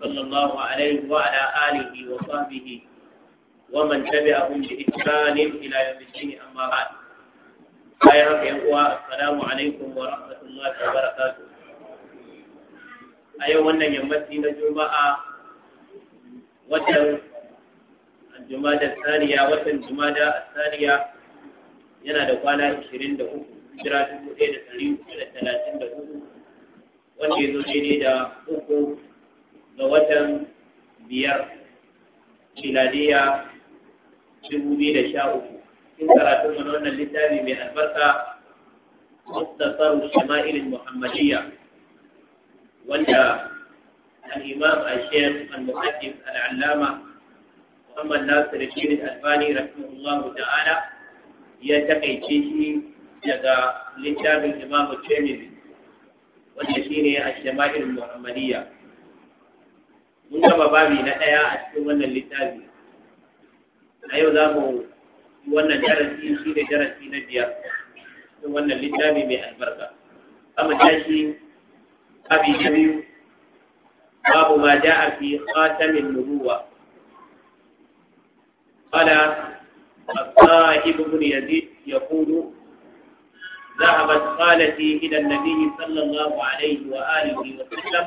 صلى الله عليه وعلى آله وصحبه ومن تبعهم بإحسان إلى يوم الدين أما بعد السلام عليكم ورحمة الله وبركاته a yau wannan yammaci na juma'a watan jumada saniya watan jumada saniya yana da kwana 23 hijira 1434 wanda ya zo daidai da uku ga watan biyar miladiya dubu biyu da sha uku in karatun mana wannan littafi mai albarka mustasar shama'ilin muhammadiyya wanda al الشيخ المحدث العلامة محمد ناصر الدين الألباني رحمه ta'ala ya takaice shi daga littafin Imam Tirmidhi wanda shine a shamail Muhammadiyya mun gama babi na ɗaya a cikin wannan littafi a yau za mu yi wannan darasi shi da darasi na biyar cikin wannan littafi mai albarka kama tashi babi na biyu babu ma a fi khatamin nubuwa قال الصاحب بن يزيد يقول ذهبت خالتي إلى النبي صلى الله عليه وآله وسلم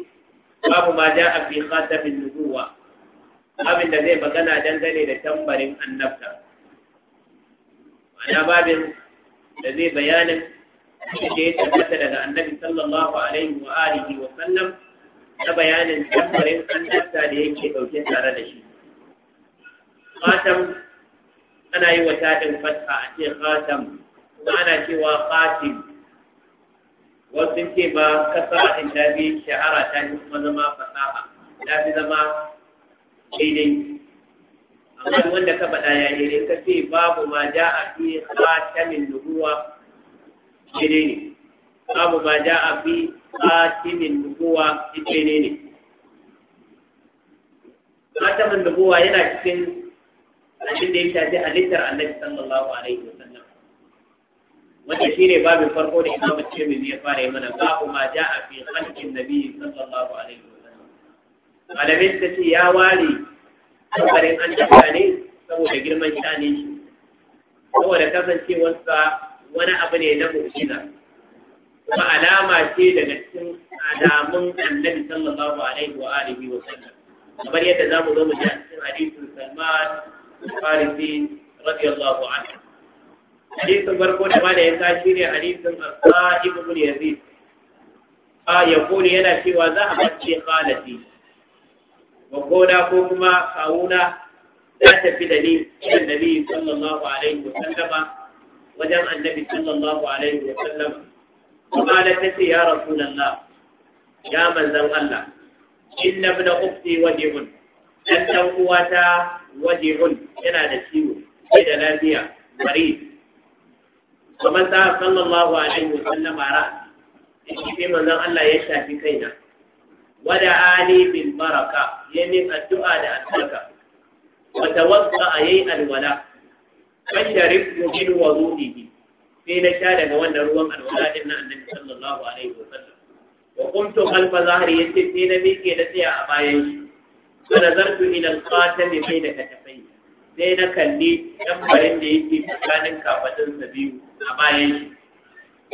babu ma ja fi khatamin nubuwa abin da zai magana dangane da tambarin annabta mana babin da zai bayanin da ya tabbata daga annabi sallallahu alaihi wa alihi wa sallam na bayanin tambarin annabta da yake dauke tare da shi khatam ana yi wa tadin fatha a ce khatam kuma ana cewa khatim wasu ke ba kasa a ta fi shahara ta fi kuma zama fasaha ta fi zama daidai amma duk wanda ka faɗa ya daidai ka ce babu ma ja a fi khatamin nubuwa daidai ne babu ma ja a fi khatamin nubuwa daidai ne khatamin nubuwa yana cikin abin da ya shafi halittar annabi sallallahu alaihi wasallam wanda shi ne babin farko da imam tirmidhi ya fara yi mana babu ma ja'a fi khalqin nabi sallallahu alaihi sallam Malamin ta ce ya ware kabarin an dafa ne saboda girman shani shi saboda kasancewarsa wani abu ne na mu'jiza kuma alama ce daga cikin alamun annabi sallallahu alaihi wa alihi wa sallam kamar yadda zamu zo mu ji a cikin hadisin Salman Farisi radiyallahu anhu hadisin farko da bada ya tashi ne hadisin Asa ibn Yazid a yakuni yana cewa za a bace khalati wa koda ko kuma kawuna za ta fi da ni ilan nabi sallallahu alaihi wa sallama wajen annabi sallallahu alaihi wa sallama kuma da ce ya Na, ya manzan Allah inna ibn ukhti wajibun dan dan uwata wajibun yana da ciwo sai da lafiya mari kamar ta a alaihi wa sallam ra shi manzon Allah ya shafi kaina wada ali bin baraka ya min addu'a da albarka wa tawadda ayi alwala kan sharif min wudu'ihi sai na sha daga wannan ruwan alwala din na annabi sallallahu alaihi wa wa kuntu khalfa zahri yace sai na miƙe da tsaya a bayan shi fa nazartu ila al-qatami bayna katafayya sai na kalli tambarin da yake tsakanin sa biyu a bayan shi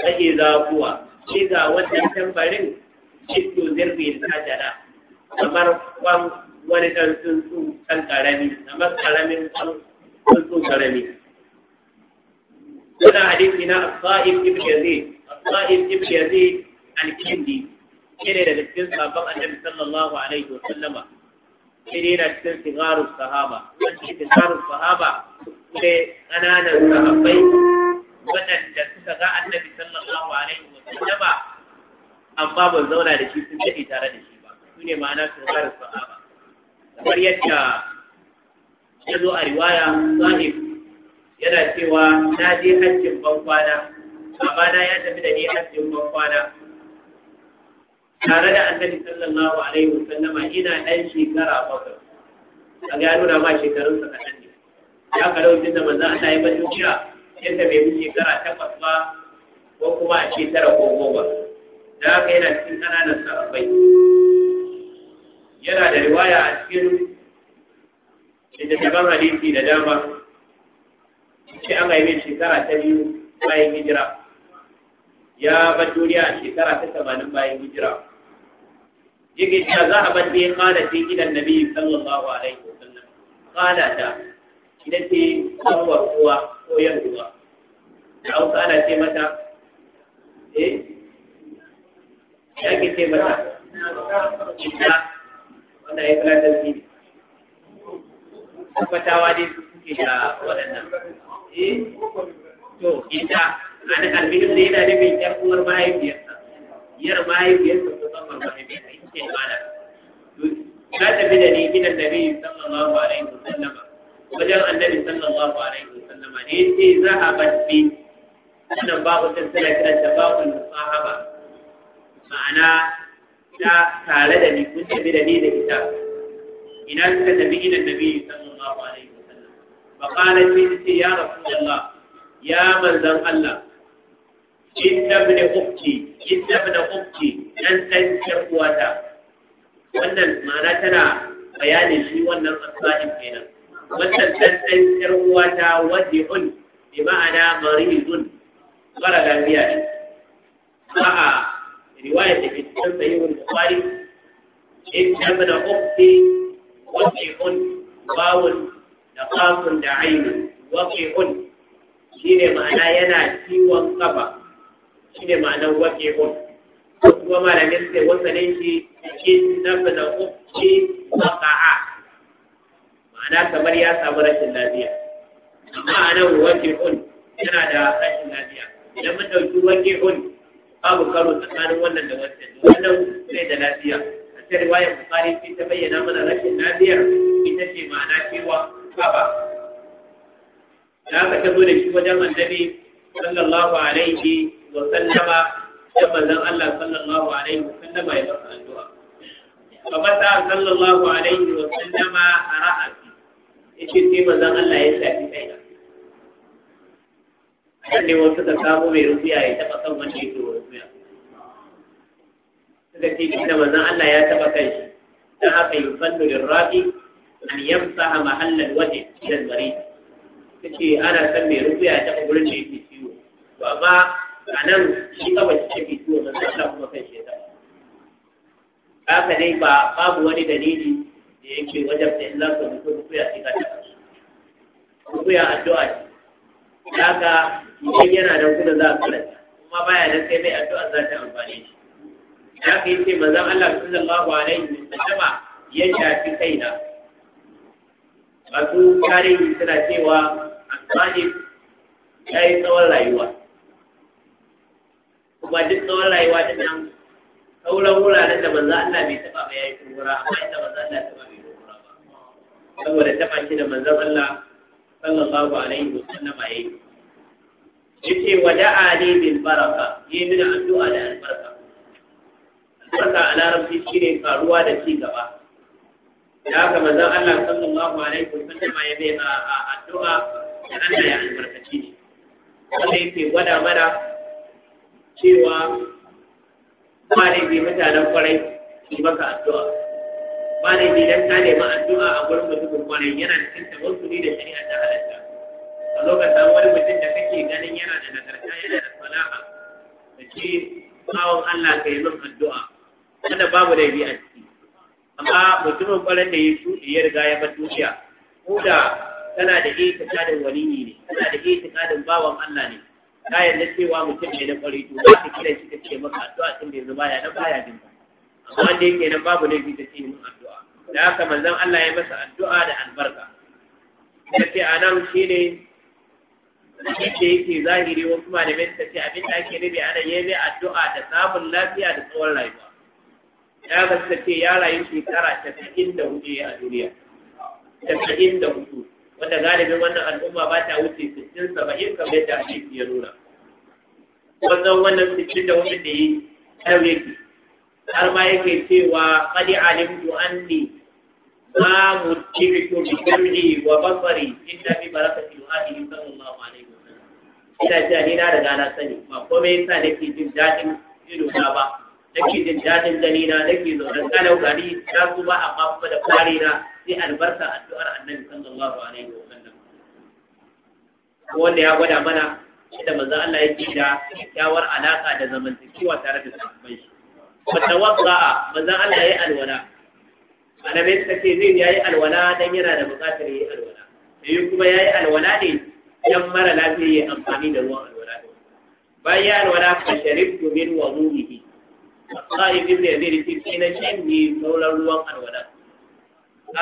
sai za kuwa sai ga wannan tambarin shiddo zirri ta jana kamar kwan wani ɗan tsuntsu ɗan ƙarami kamar ƙaramin tsuntsu ƙarami suna hadisi na Asa'ib ibn Yazid Asa'ib ibn Yazid al-Kindi shine daga cikin sabon Annabi sallallahu alaihi wa sallama sai dai cikin sigarun sahaba wanda sigarun sahaba ne ƙananan sahabbai waɗanda suka ga annabi sallallahu alaihi wa ba. amma ban zauna da shi sun daɗe tare da shi ba su ne ma'ana sigarun sahaba kamar yadda ya zo a riwaya sahib yana cewa na je hajjin bankwana amma na ya tafi da ni hajjin bankwana tare da annabi sallallahu alaihi wa sallama ina ɗan shekara bakwai a ga nuna ma shekarun sa kaɗan ne ya ka lokacin da manzo Allah ya bada kira yadda bai bi shekara takwas ba ko kuma a ce tara ko goma da haka yana cikin ƙananan sahabbai yana da riwaya a cikin littattafan hadisi da dama ce an haife shekara ta biyu bayan hijira ya bar duniya a shekara ta tamanin bayan hijira yake cewa za a bar dai ta ce gidan nabi sallallahu alaihi wa sallam kala ta ita ce kawar kowa ko yan uwa da hausa ana ce mata eh ya ke ce mata ita wanda ya kira ta zini tabbatawa dai suke da waɗannan eh to ita wani almihim da yana nufin yar uwar mahaifiyarsa yar mahaifiyarsa ko tsammar mahaifiyarsa ita ce mana ta tafi da ni gidan nabi sallallahu alaihi wasallam wajen annabi sallallahu alaihi wasallam ne yace zahabat bi wannan babu ta sala kiran ta babu musahaba ma'ana ta tare da ni kun tafi da ni da ita ina suka tafi gidan nabi sallallahu alaihi wasallam fa qalat bi ya rasulullah ya manzon Allah inna ibn ukhti inna ibn ukhti dan dan uwata wannan ma'ana tana bayanin shi wannan asali kenan wannan dan dan yar uwata wadi'un bi ma'ana maridun mara lafiya ne a'a riwaya da ke cikin sahihul bukhari inna ibn ukhti wadi'un bawun da qafun da ainun waqi'un shine ma'ana yana ciwon kafa shi ne ma'anar wake ko kuma malamin wasa ne shi in na fada uki ƙa'a ma'ana kamar ya samu rashin lafiya amma a nan ko yana da rashin lafiya idan mun ɗauki ko babu karo tsakanin wannan da wancan wannan sai da lafiya a ta riwayar bukari sai ta bayyana mana rashin lafiya. ita ce ma'ana cewa kaba da aka tazo da shi wajen annabi sallallahu alaihi wa sallama manzon Allah sallallahu alaihi wa sallama ya masa addu'a fa mata sallallahu alaihi wa sallama ra'asi yace sai manzon Allah ya shafi kaina kan ne wasu ka samu mai rufiya ya taba kan wanda yake rufiya suka ce inda manzon Allah ya taba kai shi dan haka yusallu lirrafi an yamsaha mahallal waje, da al-marid kace ana san mai rufiya ta taba gurin da yake ciwo to amma a nan shi kawai shi take ciwo na sallah kuma kan shi ya taɓa haka dai ba babu wani dalili da yake wajen da Allah ko mutum ku ya tsika ta ku ya addu'a ce haka idan yana da kuma za a karanta kuma baya da sai mai addu'a za ta amfane shi haka yace manzon Allah sallallahu alaihi wasallam ya shafi kaina masu tarihi suna cewa asali ya yi tsawon rayuwa kuma duk tsawon rayuwa ta nan sauran wuraren da manzo Allah bai taba ba yayi kubura amma inda manzo Allah taba bai kubura ba saboda ta fashi da manzo Allah sallallahu alaihi wasallam yayi yace wada'a ni bil baraka yi min addu'a da albarka albarka a larabci shine karuwa da ci gaba da haka manzo Allah sallallahu alaihi wasallam ya bai a addu'a da Allah ya albarkaci ne wanda yake gwada mana cewa ba ne bi mutanen kwarai su maka addu'a ba ne bi dan ka nemi addu'a a gurin mutumin kwarai yana cikin ne da shari'a ta halatta a lokacin wani mutum da kake ganin yana da nagarta yana da salaha da ce bawon Allah ka yi min addu'a wanda babu da bi a ciki amma mutumin kwarai da ya shuɗe ya riga ya bar duniya ko da kana da itikadin waliyi ne kana da itikadin bawan Allah ne Ta yanzu cewa mutum ne na ƙwarai to ba ta kira shi ta ce maka addu'a tun da yanzu baya na baya jin ba amma wanda yake nan babu laifi ta ce min addu'a da haka manzon Allah ya masa addu'a da albarka ta ce a nan shi ne yadda yake zahiri wasu da ta ce abin da ake nufi ya yi addu'a da samun lafiya da tsawon rayuwa ya ga ta ce ya rayu shekara casa'in da hudu a duniya casa'in da hudu wanda galibin wannan al'umma ba ta wuce sittin saba'in kamar yadda hadisi ya nuna wannan wannan sittin da wani da yi kar yake har ma yake cewa qad alimtu anni ma mutibitu bi sam'i wa basari inna bi barakati alihi sallallahu alaihi wasallam ina jiya ni na riga na sani ba komai yasa nake jin daɗin ido na ba nake jin daɗin gani na nake zaune kalau gari ku kuma amma kuma da kwari na sai albarka addu'ar annabi sallallahu alaihi wa sallam wanda ya gwada mana da manzon Allah yake da kyakkyawar alaka da zamantakewa tare da sahabbai shi wanda wasa manzon Allah yayi alwala annabi ta ce zai yayi alwala dan yana da buƙatar yayi alwala sai eh, kuma yayi alwala ne dan mara lafiya ya amfani da ruwan alwala bayan ya alwala fa sharibtu min wudu'ihi الطائف بن يزيد في حين شيء مولى الوان الولاء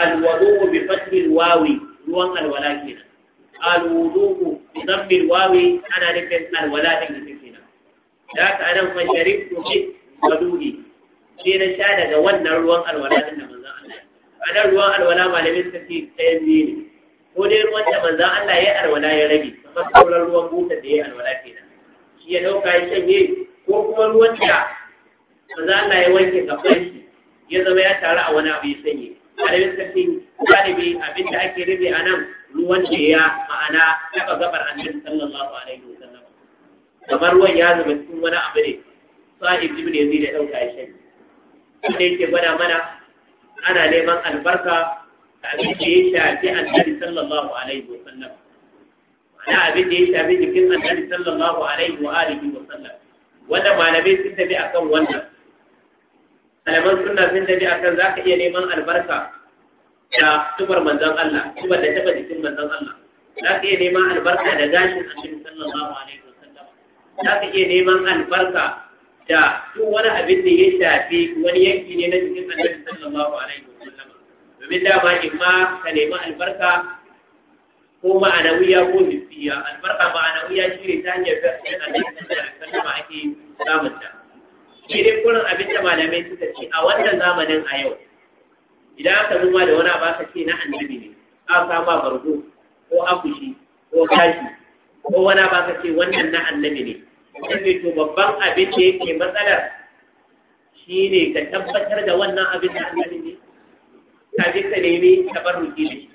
الوضوء بفتح الواو الوان الولاء كنا الوضوء بضم الواو انا لكن الولاء كنا ذاك انا فشربت في الوضوء حين شاد جوان الوان الولاء كنا ada ruwa alwala malamin ta ce ɗaya biyu ne ko dai ruwan da manzan Allah ya alwala ya rage kamar sauran ruwan buta da ya alwala ke nan shi ya ɗauka ya shanye ko kuma ruwan da za Allah ya wanke gaban shi ya zama ya taru a wani abu ya sanye malamin suka galibi abin da ake rufe a nan ruwan da ya ma'ana taba gabar annabi sallallahu alaihi wasallam kamar ruwan ya zama cikin wani abu ne sa'ib ibn yazid ya dauka ya shan wanda yake gwada mana ana neman albarka da abin da ya shafi annabi sallallahu alaihi wasallam ma'ana abin da ya shafi jikin annabi sallallahu alaihi wa alihi wasallam wanda malamai sun tafi akan wannan malaman sunna sun tafi akan za ka iya neman albarka da tubar manzon Allah tubar da taba jikin manzon Allah za ka iya neman albarka da gashin annabi sallallahu alaihi wasallam za ka iya neman albarka da duk wani abin da ya shafi wani yanki ne na jikin annabi sallallahu alaihi wasallam domin dama in ma ka nemi albarka ko ma'anawiya ko nufiya albarka ma'anawiya shi ne ta hanyar da annabi sallallahu alaihi wasallam ake samunta shi dai kurin abin da malamai suka ce a wannan zamanin a yau idan aka noma da wani abu ce na annabi ne aka kama bargo ko akushi ko kashi ko wani abu ce wannan na annabi ne sai to babban abin da yake matsalar shi ne ka tabbatar da wannan abin da annabi ne ka ji ka nemi tabarruki da shi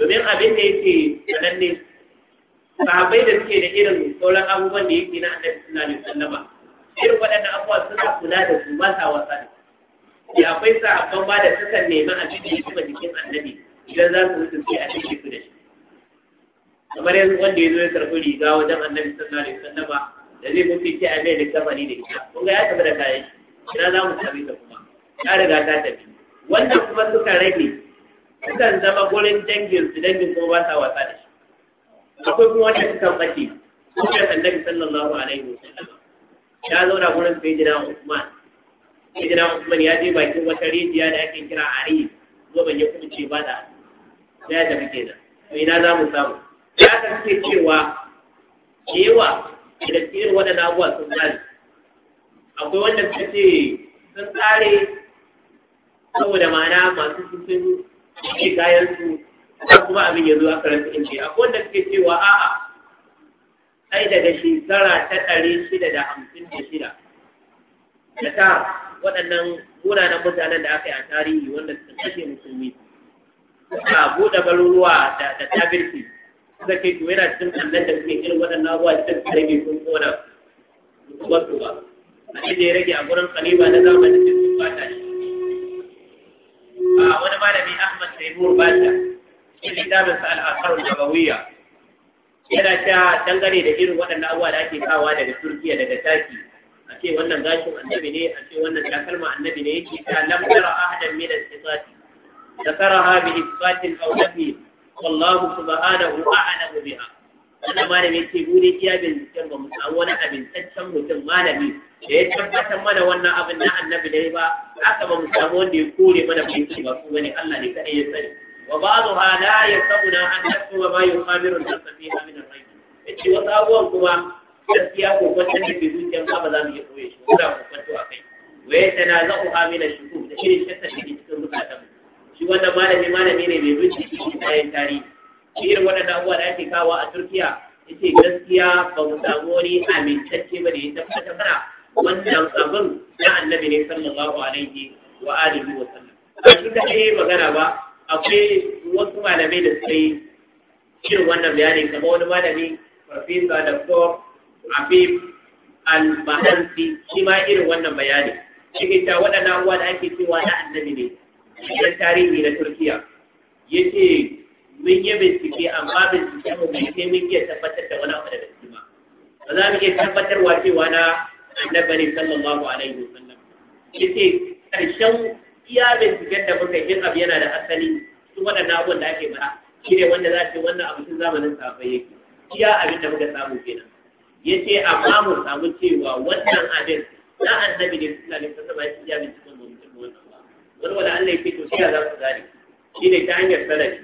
domin abin da yake sananne sahabbai da suke da irin sauran abubuwan da yake na annabi suna ne sallama irin waɗannan abubuwa suna kula da su ba sa wasa da ya akwai sahabban ba da suka nemi a cikin kuma jikin annabi idan za su mutu sai a cikin su da shi kamar yanzu wanda ya zo ya karɓi riga wajen annabi sallallahu alaihi wasallam da zai mutu sai a mai da kamari da ita kun ga ya tafi da kayan shi ina za mu same da kuma ya riga ta tafi wannan kuma suka rage sukan zama gurin dangin su dangin kuma ba sa wasa da shi akwai kuma wanda suka ɓace sunan annabi sallallahu alaihi wasallam ya zauna gurin jina Usman jina Usman ya je bakin wata rijiya da ake kira Ari zo ban yi kuma ce ba da ya tafi kenan to ina za mu samu ya kasance cewa yawa da tsirin waɗannan abubuwa sun zari. akwai wanda suka ce sun tsare saboda ma'ana masu sun ce kayan su kuma abin ya zo aka in inji akwai wanda suke cewa a'a ai daga shekara ta ɗari shida da hamsin da shida da ta waɗannan munanan mutanen da aka yi a tarihi wanda suka kashe musulmi suka buɗe baruruwa da tabirki suka ke kuma yana cikin annan da suke irin waɗannan abubuwa da suka rage sun kona wasu ba a ce ya rage a gurin kaliba na zamanin da sun bata shi a wani malami ahmad sayyid bata shi littafin sa al-asar nabawiyya yana ta dangane da irin waɗanda abubuwa da ake kawa daga turkiya daga taki a ce wannan gashin annabi ne a ce wannan takalma annabi ne yake ta lam tara ahadan min as-sifati ذكرها بإثبات أو نفي والله سبحانه أعلم بها wannan malami ce bude iya binciken ba mu samu wani abintaccen mutum malami da ya tabbatar mana wannan abin na annabi dai ba haka ba mu samu wanda ya kore mana bincike ba su bane Allah ne kadai ya sani وبعضها لا يسعنا أن نكتب ما يخابر الناس فيها من الغيب إنتي وصابون كما gaskiya ko kwatanta bai zuciyar ba ba za mu iya koye ko da ko kwanto a kai waye tana za ku hamila shuku da irin shakka da cikin zukatan shi wanda malami malami ne mai bincike shi da tarihi a Turkiya yace gaskiya ba mu samu wani amintacce ba da ya tabbata mana wannan abin na annabi ne sallallahu alaihi wa alihi wa sallam ba shi da magana ba akwai wasu malamai da suka yi shirin wannan bayani kamar wani malami farfesa da prof abib al-mahansi shi ma irin wannan bayani shi ta waɗannan abuwa da ake cewa na annabi ne idan tarihi na turkiya ya ce mun yi bincike amma bincike mu bai kai mun iya tabbatar da wani abu da gaske ba ba za mu iya tabbatarwa cewa na annabi ne sallallahu alaihi wasallam ya ce ƙarshen iya binciken da muka yi abu yana da asali su waɗannan abubuwan da ake bara shi ne wanda za ce wannan abu tun zamanin safai yake iya abin da muka samu kenan ya ce amma mu samu cewa wannan abin na annabi ne suna ne sassa bayan iya binciken mu mutum wannan ba wani wani Allah ya ce to shi ya za su gane shi ne ta hanyar sanadi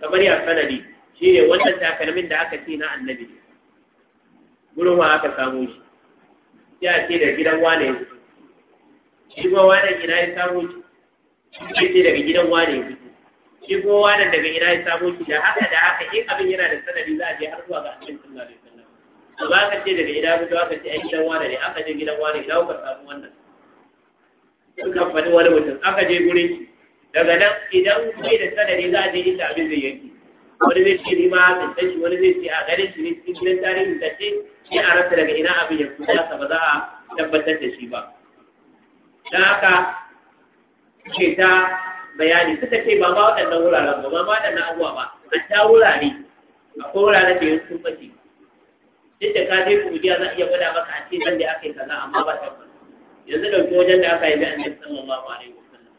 kamar ya sanadi shi ne wannan takalmin da aka ce na annabi ne gurin wa aka samu shi ya ce da gidan wane ya fito shi kuma wannan ina ya samu shi ce daga gidan wane ya fito shi daga ina ya samu da haka da haka in abin yana da sanadi za a je har zuwa ga annabi sallallahu alaihi wasallam to ba ka ce daga ina fito aka ce ai gidan wane ne aka je gidan wane da ka samu wannan suka faɗi wani mutum aka je gurin daga nan idan kai da sanadi za a je inda abin zai yanki wani zai ce ma a shi, wani zai ce a ganin shi ne cikin gidan tarihi ta ce shi a rasa daga ina abin ya fito ba za a tabbatar da shi ba don haka ce ta bayani suka ce ba ma waɗannan wuraren ba ma waɗannan abuwa ba a ta wurare akwai wuraren da yanzu sun duk da ka je kuriya za a iya gwada maka a ce zan da aka yi kaza amma ba tabbas yanzu ɗauki wajen da aka yi bi annabi sallallahu alaihi wasallam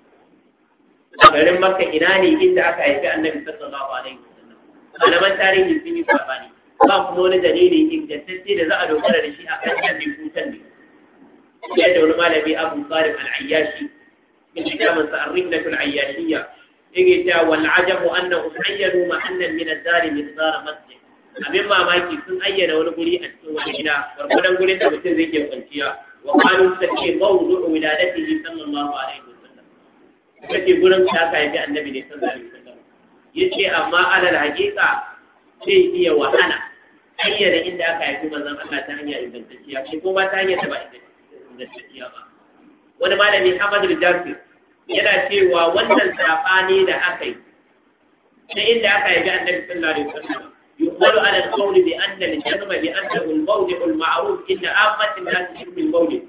a garin makka ina ne inda aka haifi annabi sallallahu alaihi wasallam malaman tarihi sun yi ne ba kuma wani dalili ingantacce da za a dogara da shi a kan yan ne da wani malami abu tsarin al'ayyashi min kitaban sa ar-rihnatul ayyashiyya yake cewa wal ajabu annahu sayyadu ma annan min ad-dari min dar masjid abin mamaki sun ayyana wani guri a cikin wani gida gwargwadon gurin da mutum zai ke kwanciya wa qalu sace mawdu'u wiladatihi sallallahu alaihi wasallam kace gurin da aka yi annabi ne sallallahu alaihi Ya ce, amma alal haqiqa zai iya wahala ayyana inda aka yi manzon Allah ta hanya ingantacciya ko ba ta hanya ta ba ingantacciya ingantacciya ba wani malami Ahmad al-Jasir yana cewa wannan ne da aka yi na inda aka yi ga annabi sallallahu alaihi wasallam يقال على القول بأن الجزم بأنه الموضع المعروف إن عامة الناس يشبه الموضع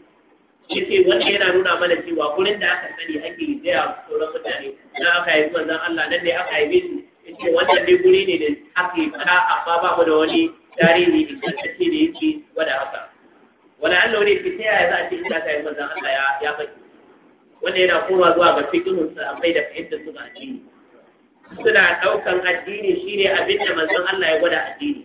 yace wani yana nuna mana cewa gurin da aka sani ake gaya sauran mutane na aka yi zan Allah nan ne aka yi su ce wannan dai guri ne da ake ba a, ba mu da wani tarihi da kace da yake wada haka Wani Allah ne ki ta yaya za a ci ce ina kai manzon Allah ya ya baki wanda yana koma zuwa ga fiqhun sahabbai da fahimtar su ga addini suna daukan addini shine abin da manzon Allah ya gwada addini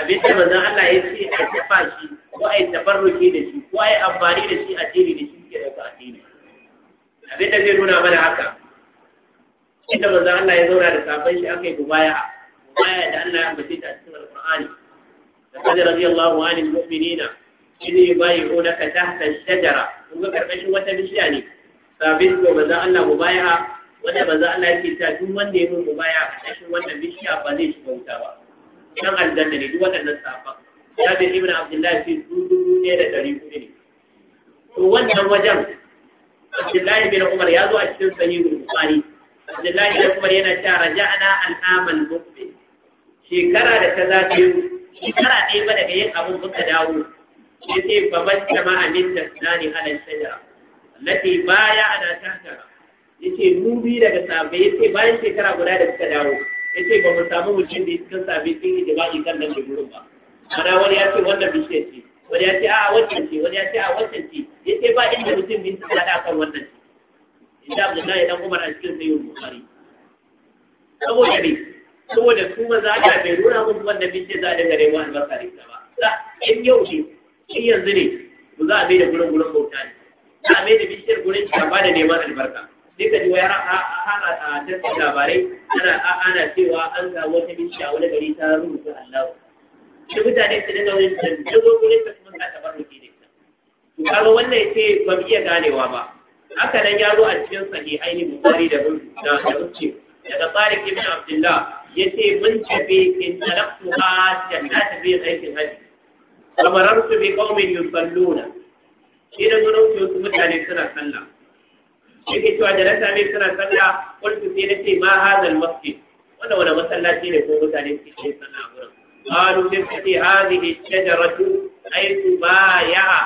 abin da manzon Allah ya ce a tafa shi ko a yi tabarruki da shi ko a yi amfani da shi addini da shi ke dauka addini abin da zai nuna mana haka inda manzon Allah ya zauna da sahabbai shi aka yi gubaya gubaya da Allah ya ambace ta cikin alqur'ani لقد رضي الله عن المؤمنين إذ يبايعونك تحت الشجرة kun ga karkashin wata bishiya ne sabis ko manzon Allah mubaya wanda manzon Allah yake ta duk wannan bishiya ba zai shiga wuta ba dan aljanna ne duk waɗannan safa Jabir ibn Abdullahi fi dubu ne da dari hudu ne to wannan wajen Abdullahi bin Umar ya zo a cikin sahihul Bukhari Abdullahi bin Umar yana shekara da ta zafi shekara ɗaya ba daga yin abin muka dawo ya ce ba jama'a min tasnani alal shajara allati baya ana tahtara yace mu bi daga sabai yace bayan shekara guda da suka dawo yace ba mu samu mutum da suka sabai sun yi jima'i kan nan da gurin ba mana wani ya ce wannan bishiyar ce wani ya ce a wancan ce wani ya ce a wancan ce yace ba inda mutum bin su da kan wannan ce abu idan yi dan Umar a cikin yi Bukhari saboda ne saboda su maza da bai nuna wanda wannan ce za a dinga neman albasa da ba in yau ne in yanzu ne ku za a bai da gurin gurin bauta ne za a mai da bishiyar gurin shafa da neman albarka sai da ji wa ana a tattalin labarai ana cewa an samu wata bishiya, wani gari ta rubuta Allah. shi mutane su dinga wani gurin da kuma za ta bar ne wannan ya ce ba mu iya ganewa ba haka nan ya zo a cikin sahihaini bukari da muslim daga da ibn abdullah yace mun tafi in taraktu hajjan na tafi aikin haji kamararsu bi qaumin yusalluna shi da gurin su mutane suna sallah yake cewa da na same suna sallah kullu sai nace ma hadal masjid wannan wani masallaci ne ko mutane suke yin sallah gurin qalu sai kace hadhihi shajaratu haythu baya'a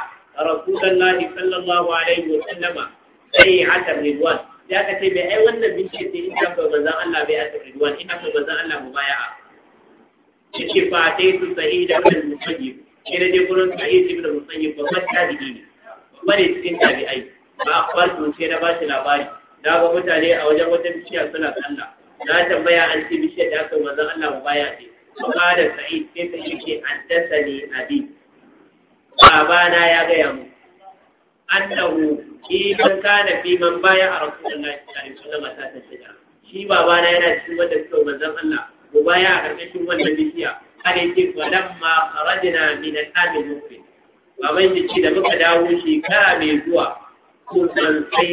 rasulullahi sallallahu alaihi wa sallama sai atar ridwan ya ka ce mai ai wannan bincike ce in ka manzon Allah bai a aka ridwan Ina aka manzon Allah mu baya a. yace fa sai su sa'id ibn musayyib ina je gurin sa'id ibn musayyib ba fatta dini ba ne cikin tabi'ai ba ba akhbartu sai na bashi labari da ga mutane a wajen wata bishiya suna sallah na tambaya an ce bishiyar da aka manzon Allah mu baya ce fa da sa'id sai ta yake addasa ne abi babana ya gaya mu annahu idan kana fi man baya a rasulullahi sallallahu alaihi wasallam ta tafiya shi babana yana cikin wanda suka manzon Allah ko baya a karkashin wannan bishiya baban da muka dawo shekara mai zuwa ko san sai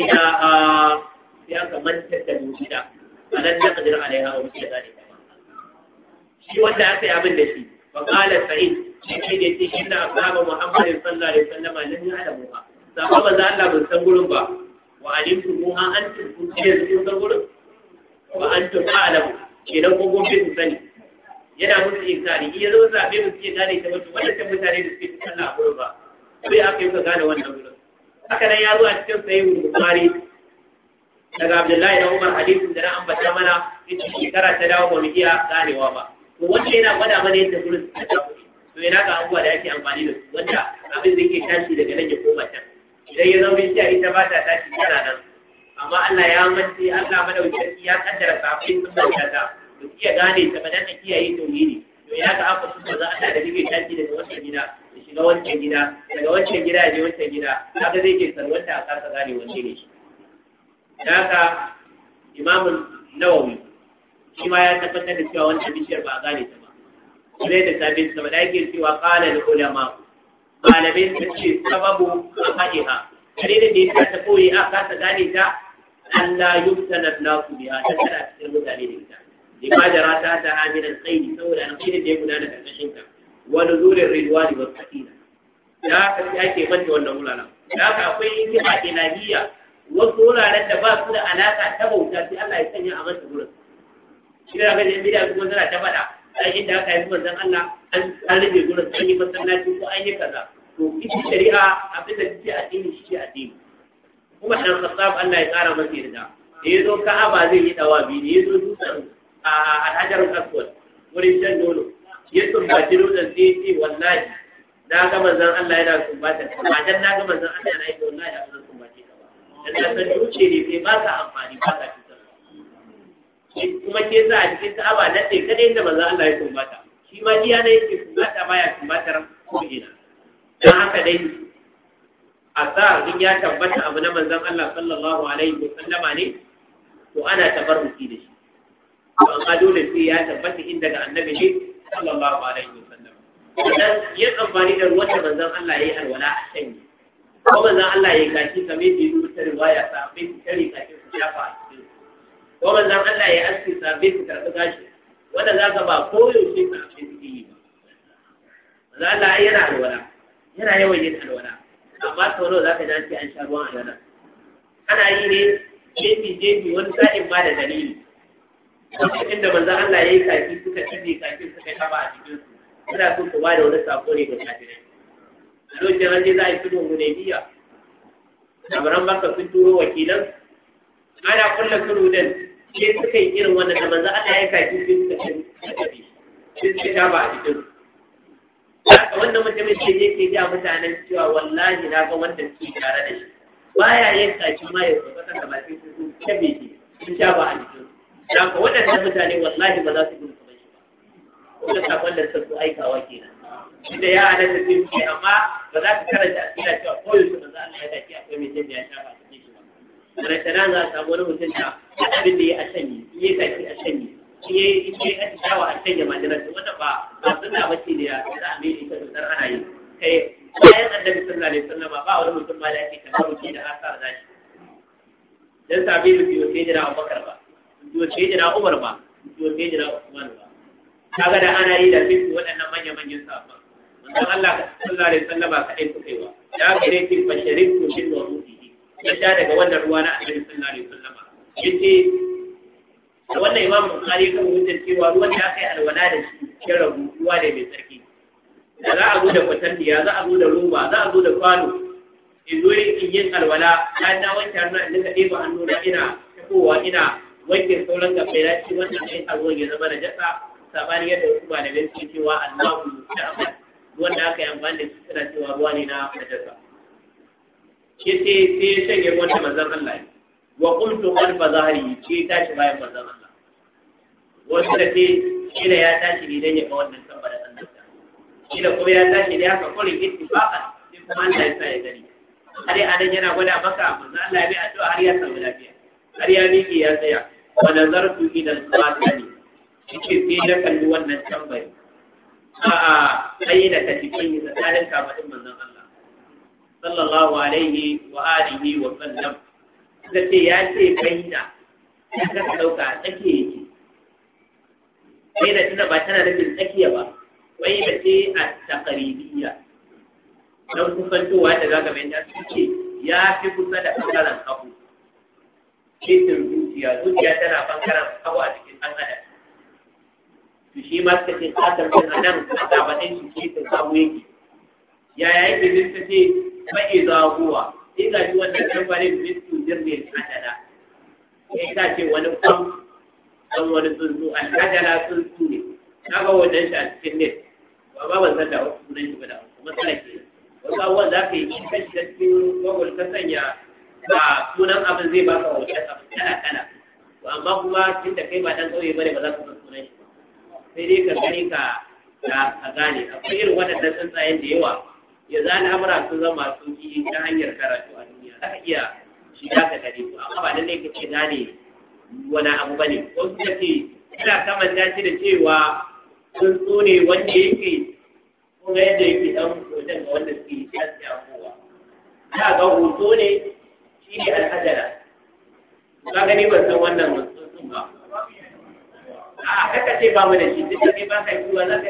ya kamanta da mutida da shi wanda aka yi abin da shi fa qala sa'id shi ne ce inna ashab muhammad sabon za Allah ban san gurin ba wa alimtu mu an an tun ce yanzu san gurin wa an tun ba alamu Idan ko gobe su sani yana musu insani iya zo zabe mu suke gane ta mutu wannan mutane da suke cikin Allah gurin ba sai aka yi ka gane wannan gurin haka nan ya zo a cikin sahihul bukhari daga Abdullahi da Umar hadisin da na ambata mana ita shekara ta dawo ba mu iya ganewa ba to wanda yana gwada mana yadda gurin su ta to yana ga abubuwa da ake amfani da su wanda abin da ke tashi daga nan ya koma can idan ya zama bishiya ita ba ta tashi tana nan amma Allah ya mace Allah madaukaki ya kaddara kafin sun manta ta to iya gane ta ba dan kiyaye tauhidi to ya ga aka su za Allah da nake tashi daga wannan gida ya shiga wancan gida daga wancan gida ya je wancan gida kaga zai ke sarwanta a kasa gane wanne ne shi haka Imam Nawawi shi ma ya tabbatar da cewa wannan bishiyar ba a gane ta ba sai da sabin sa da yake cewa qala al ulama malamai sun ce sababu ha, kare da ya ta koyi a kasa gane ta Allah yubtana nasu biha ta a cikin mutane da ita lima da rata ta hamilan tsayi saboda an kire da ya gudana karkashin ka wani zurin da wasu sakina Ya haka sai ake manta wannan wuraren ya ka akwai yin hikima ilahiyya wasu wuraren da ba su da alaƙa ta bauta sai Allah ya sanya a masa wurin shi da gajen bidiya kuma tana ta faɗa dan inda aka yi manzon Allah an rufe gurin an yi masallaci ko an yi kaza to ita shari'a abin da take addini shi ke addini kuma dan khattab Allah ya kara masa yarda da yazo Ka'aba zai yi dawabi da yazo dutsen a Hajar Aswad wurin jan nono ya tumbaci dutsen sai ce wallahi na ga manzon Allah yana tumbata ba dan na ga manzon Allah yana yi wallahi ya san tumbaci ka ba dan na san duce ne sai ba ka amfani ba ka cutar kuma ke za a cikin Ka'aba na sai kada inda manzon Allah ya sumbata? shi ma iya ne yake tumbata baya tumbatar ko ina don haka dai sa in ya tabbata abu na manzan Allah sallallahu alaihi wa sallama ne to ana tabarruki da shi to amma dole sai ya tabbata inda daga annabi ne sallallahu alaihi wa sallama yin amfani da ruwan da manzon Allah yi alwala a can ko manzan Allah yi kashi kamar yadda yi rubuta riwaya sahabbai su kare kashi su shafa a cikin ko manzan Allah yayi aski sahabbai su karɓi gashi wanda ka ba koyaushe sahabbai suke yi ba manzon Allah yana alwala yana yawan yin alwala amma sau nawa za ka ji an sha ruwan alwala ana yi ne jefi jefi wani sa'in ma da dalili lokacin inda manzo Allah ya yi kafi suka cinye kafin suka taba a cikin su suna so su bada wani sako ne ga kafirai a lokacin an je za a yi tudun hudaybiya kabaran baka sun turo wakilan ana kulla turudan sai suka yi irin wannan da manzo Allah ya yi kafi suka tafi sai suka taba a cikin su wannan mutumin ne ke ji a mutanen cewa wallahi na ga wanda suke tare da shi baya yin kashi ma ya tsotsa kan da mafi su kabe shi sun sha ba a jikin da ka waɗannan mutane wallahi ba za su gudu kamar shi ba wanda sakon da suka aikawa kenan inda ya da sai ce amma ba za ka karanta a cikin cewa ko yau ba za a yi kashi kai mai jin da ya sha ba a cikin shi ba rantana za a samu wani mutum da abin da ya a sanyi? in ya kashi a sanyi? yi ya yi a shanyi ma da rantana ba ba da mace ne ya a me ita da tsara ana yi kai bayan na sallallahu alaihi wasallam ba wani mutum ma da yake tabarruki da asar da shi dan sabi da biyo sai jira bakar ba biyo sai jira Umar ba biyo sai jira Usman ba kaga da ana yi da fitu waɗannan manyan manyan sahabban wannan Allah sallallahu alaihi wasallam ka dai suka yi wa ya ga dai ki bashirin ko shin wa ruhi ya daga wannan ruwa na annabi sallallahu alaihi wasallam yace da wannan imamu bukhari kan hujjar cewa ruwan da aka yi alwala da shi ya rabu ruwa ne mai tsarki da za a zo da kwatanniya za a zo da roba za a zo da kwano in zo in yin alwala na ta wanke hannu in ka ɗeba hannu na ina tafowa ina wanke sauran gabbai na ci wannan a ruwan ya zama da jasa sabanin yadda wasu malamai suke cewa allahu amma ruwan da aka yi amfani da shi suna cewa ruwa ne na jasa yace sai ya shanye ruwan da manzon Allah ya wa qultu khalfa ce ta tashi bayan manzon Allah wasu da ke Shida ya tashi ne don ya wannan kan bada Allah kila kuma ya tashi ne haka kullun ittifaqan sai kuma Allah ya sa ya gani har anan yana gwada maka a manzon Allah ya bi addu'a har ya samu lafiya har ya miƙe ya tsaya wa nazartu ila al-qatani kike sai na kalli wannan tambayi a'a sai da tafiyin tsakanin kamadin manzon Allah sallallahu alaihi wa alihi wa sallam suka ce ya ce baina ya kasa ɗauka tsakiya yake da tuna ba tana nufin tsakiya ba da ce a takaribiya don towa da zagamayin ta suke ya fi kusa da ɓangaren hagu cikin zuciya zuciya tana ɓangaren abu a cikin ɗan adam to shi ma suka ce tsakar ɗan adam a gabanin shi ta samu yake yaya yake zai ta ce ba'i huwa sai ga shi wannan da mistu jirgin adala sai ta ce wani kwan don wani tsuntsu al'adala tsuntsu ne na ga wannan shi a cikin net ba ba ban san da wasu sunan shi ba da Kuma matsala ke wasu abubuwan za ka yi in shi shiga cikin google ka sanya ba sunan abin zai baka wajen abin kala kala to amma kuma tun da kai ba dan kauye ba ne, ba za ka san sunan shi ba sai dai ka gani ka ka gane akwai irin waɗannan tsuntsayen da yawa yanzu al'amura sun zama sauki ta hanyar karatu a duniya za ka iya shiga ka gare su amma ba lallai ka ce gane wani abu ba ne wasu su ce ina manta shi da cewa sun tsone wanda yake kuma yadda yake dan wajen ga wanda suke ta a kowa za ga hoto ne shi ne al'adara ka gani ban san wannan sun ba a haka ce ba mu da shi duk da ba ka yi zuwa za ka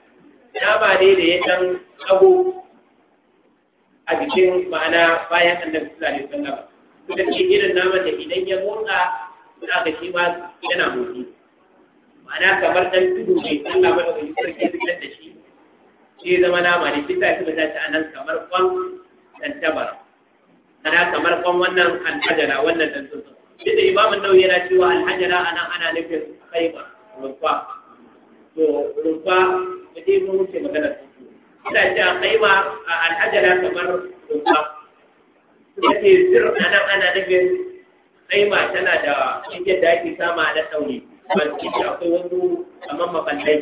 nama ne da ya ɗan tsago a jikin ma'ana bayan annabi sallallahu alaihi wasallam suka ce irin naman da idan ya motsa za ka shi ma yana motsi ma'ana kamar ɗan tudu ne Allah madaukakin sarki ya da shi shi zama nama ne kisa shi ba ta anan kamar kwan tantabar ana kamar kwan wannan alhajara wannan dan tuntun da imamun nau yana cewa alhajara ana ana nufin khaibar rumfa to rumfa mu je mun wuce magana ina ce a kaiwa a al'ajala kamar doka yace sir anan ana nufin kaiwa tana da cikin da ake sama na tsauni ba cikin akwai wasu kamar maballai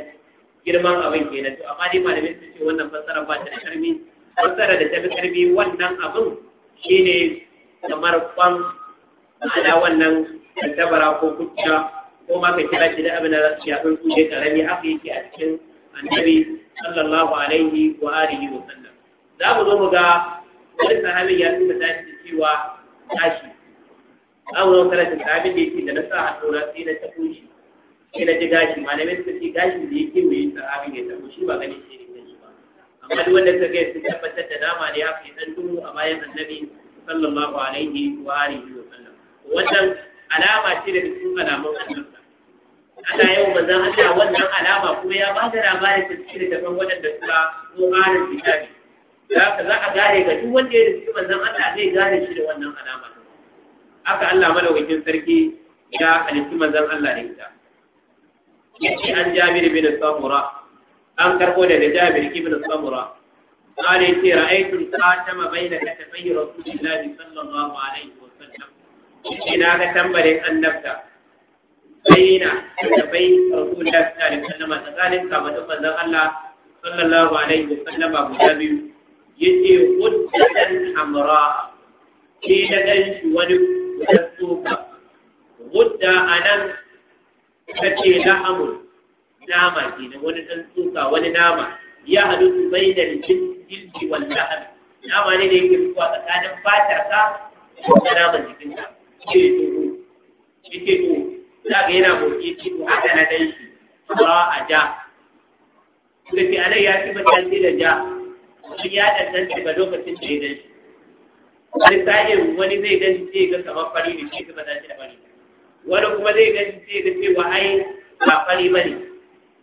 girman abin kenan to amma dai malamin sun ce wannan fassara ba ta da karmi fassara da ta fi karmi wannan abin shine kamar kwan ma'ana wannan tantabara ko kucca ko ma ka kira shi da abin da za su shafin su ne karami haka yake a cikin annabi sallallahu alaihi wa alihi wa sallam za mu zo mu ga wani sahabi ya tuka tashi da cewa tashi za mu zo da sahabin da yake da na sa tsora sai na tafi shi sai na ji gashi malamai suka ce gashi da yake mai sahabi ne tabo shi ba gani shi ne gashi ba amma duk wanda suka ga sun tabbatar da dama ne ya fi san duhu a bayan annabi sallallahu alaihi wa alihi wa sallam wannan alama ce da cikin alamun annabta ana yau ba zan ana wannan alama kuma ya ba da labarin da suke da ban waɗanda suka zo ƙarin fitari da ka za a gane ga duk wanda ya rubuta manzon Allah zai gane shi da wannan alama haka Allah madaukakin sarki ya halitta manzon Allah da ita yace an Jabir bin Samura an karbo da Jabir bin Samura قال يتي رأيت الخاتم بين كتفي رسول الله صلى الله عليه وسلم إذا تنبري النبتة بين بين رسول الله صلى الله عليه وسلم تقالين كما تقال الله صلى الله عليه وسلم أبو جابر يجي غدة حمراء قيل أنش ونب ونسوك غدة أنا تكي لحم نعمة كينا ونسوك ونعمة يحدث بين الجلد واللحم نعمة لدي يكفوا تكالين فاتحة ونعمة جكنا يجي يجي za ga yana burge shi to haka na dai shi ba a ja suka ce alai ya ci ci da ja shi ya dandan ba lokacin da ya dan shi wani sa'in wani zai dan shi ga kamar fari ne shi kuma dan shi da fari wani kuma zai dan shi ga cewa ai ba fari bane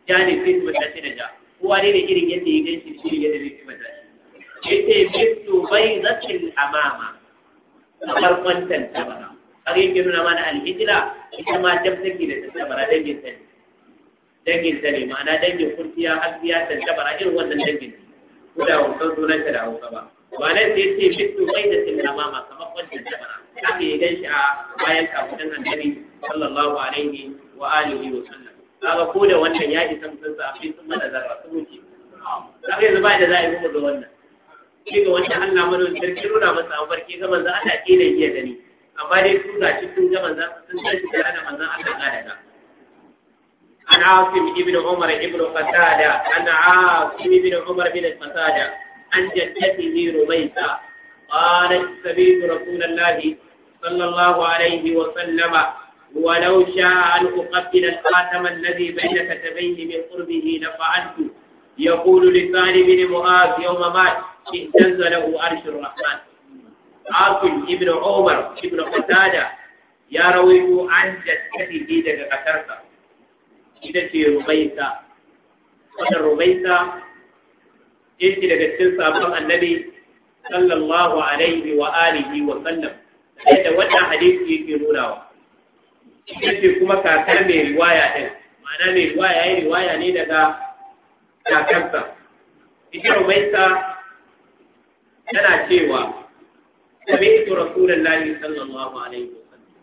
ja ne sai kuma dan shi da ja kowa ne da irin yadda ya gan shi shi yadda zai kuma dan shi yace bai baydatil amama kamar kwantan tabara har yake nuna mana alhijira ita ma dab take da tantabara dangin ta ne dangin ta ne ma'ana dangin kurciya hasiya tantabara irin wannan dangin ne ko da wankan sunan ta da hausa ba ba ne sai ce mitu mai da sun mama kamar wannan tantabara haka ya gan shi a bayan kafunan annabi sallallahu alaihi wa alihi wa sallam kaga ko da wannan ya isa mutum sa fi sun mana zarra sun wuce kaga yanzu ba da za a yi mu da wannan shi ga wannan Allah mana sarki nuna masa barke ga manzo Allah ke da iya gani amma dai su ga shi sun ga manzan sun ga shi da manzan Allah na da عن عاصم ابن عمر ابن قتادة عن عاصم ابن عمر بن قتادة عن جدته رميسة قالت سمعت رسول الله صلى الله عليه وسلم ولو شاء أن أقبل الخاتم الذي بين كتبيه من قربه لفعلت يقول لسعد بن معاذ يوم مات اهتز له عرش الرحمن asim ibn umar ibn qatada ya rawaito an jaddadihi daga kasarsa ita ce rubaisa wannan rubaisa yake daga cikin sabon annabi sallallahu alaihi wa alihi wa sallam da wannan hadisi yake nunawa ita ce kuma kakar mai riwaya din ma'ana mai riwaya ya riwaya ne daga kakarsa ita rubaisa tana cewa سمعت رسول الله صلى الله عليه وسلم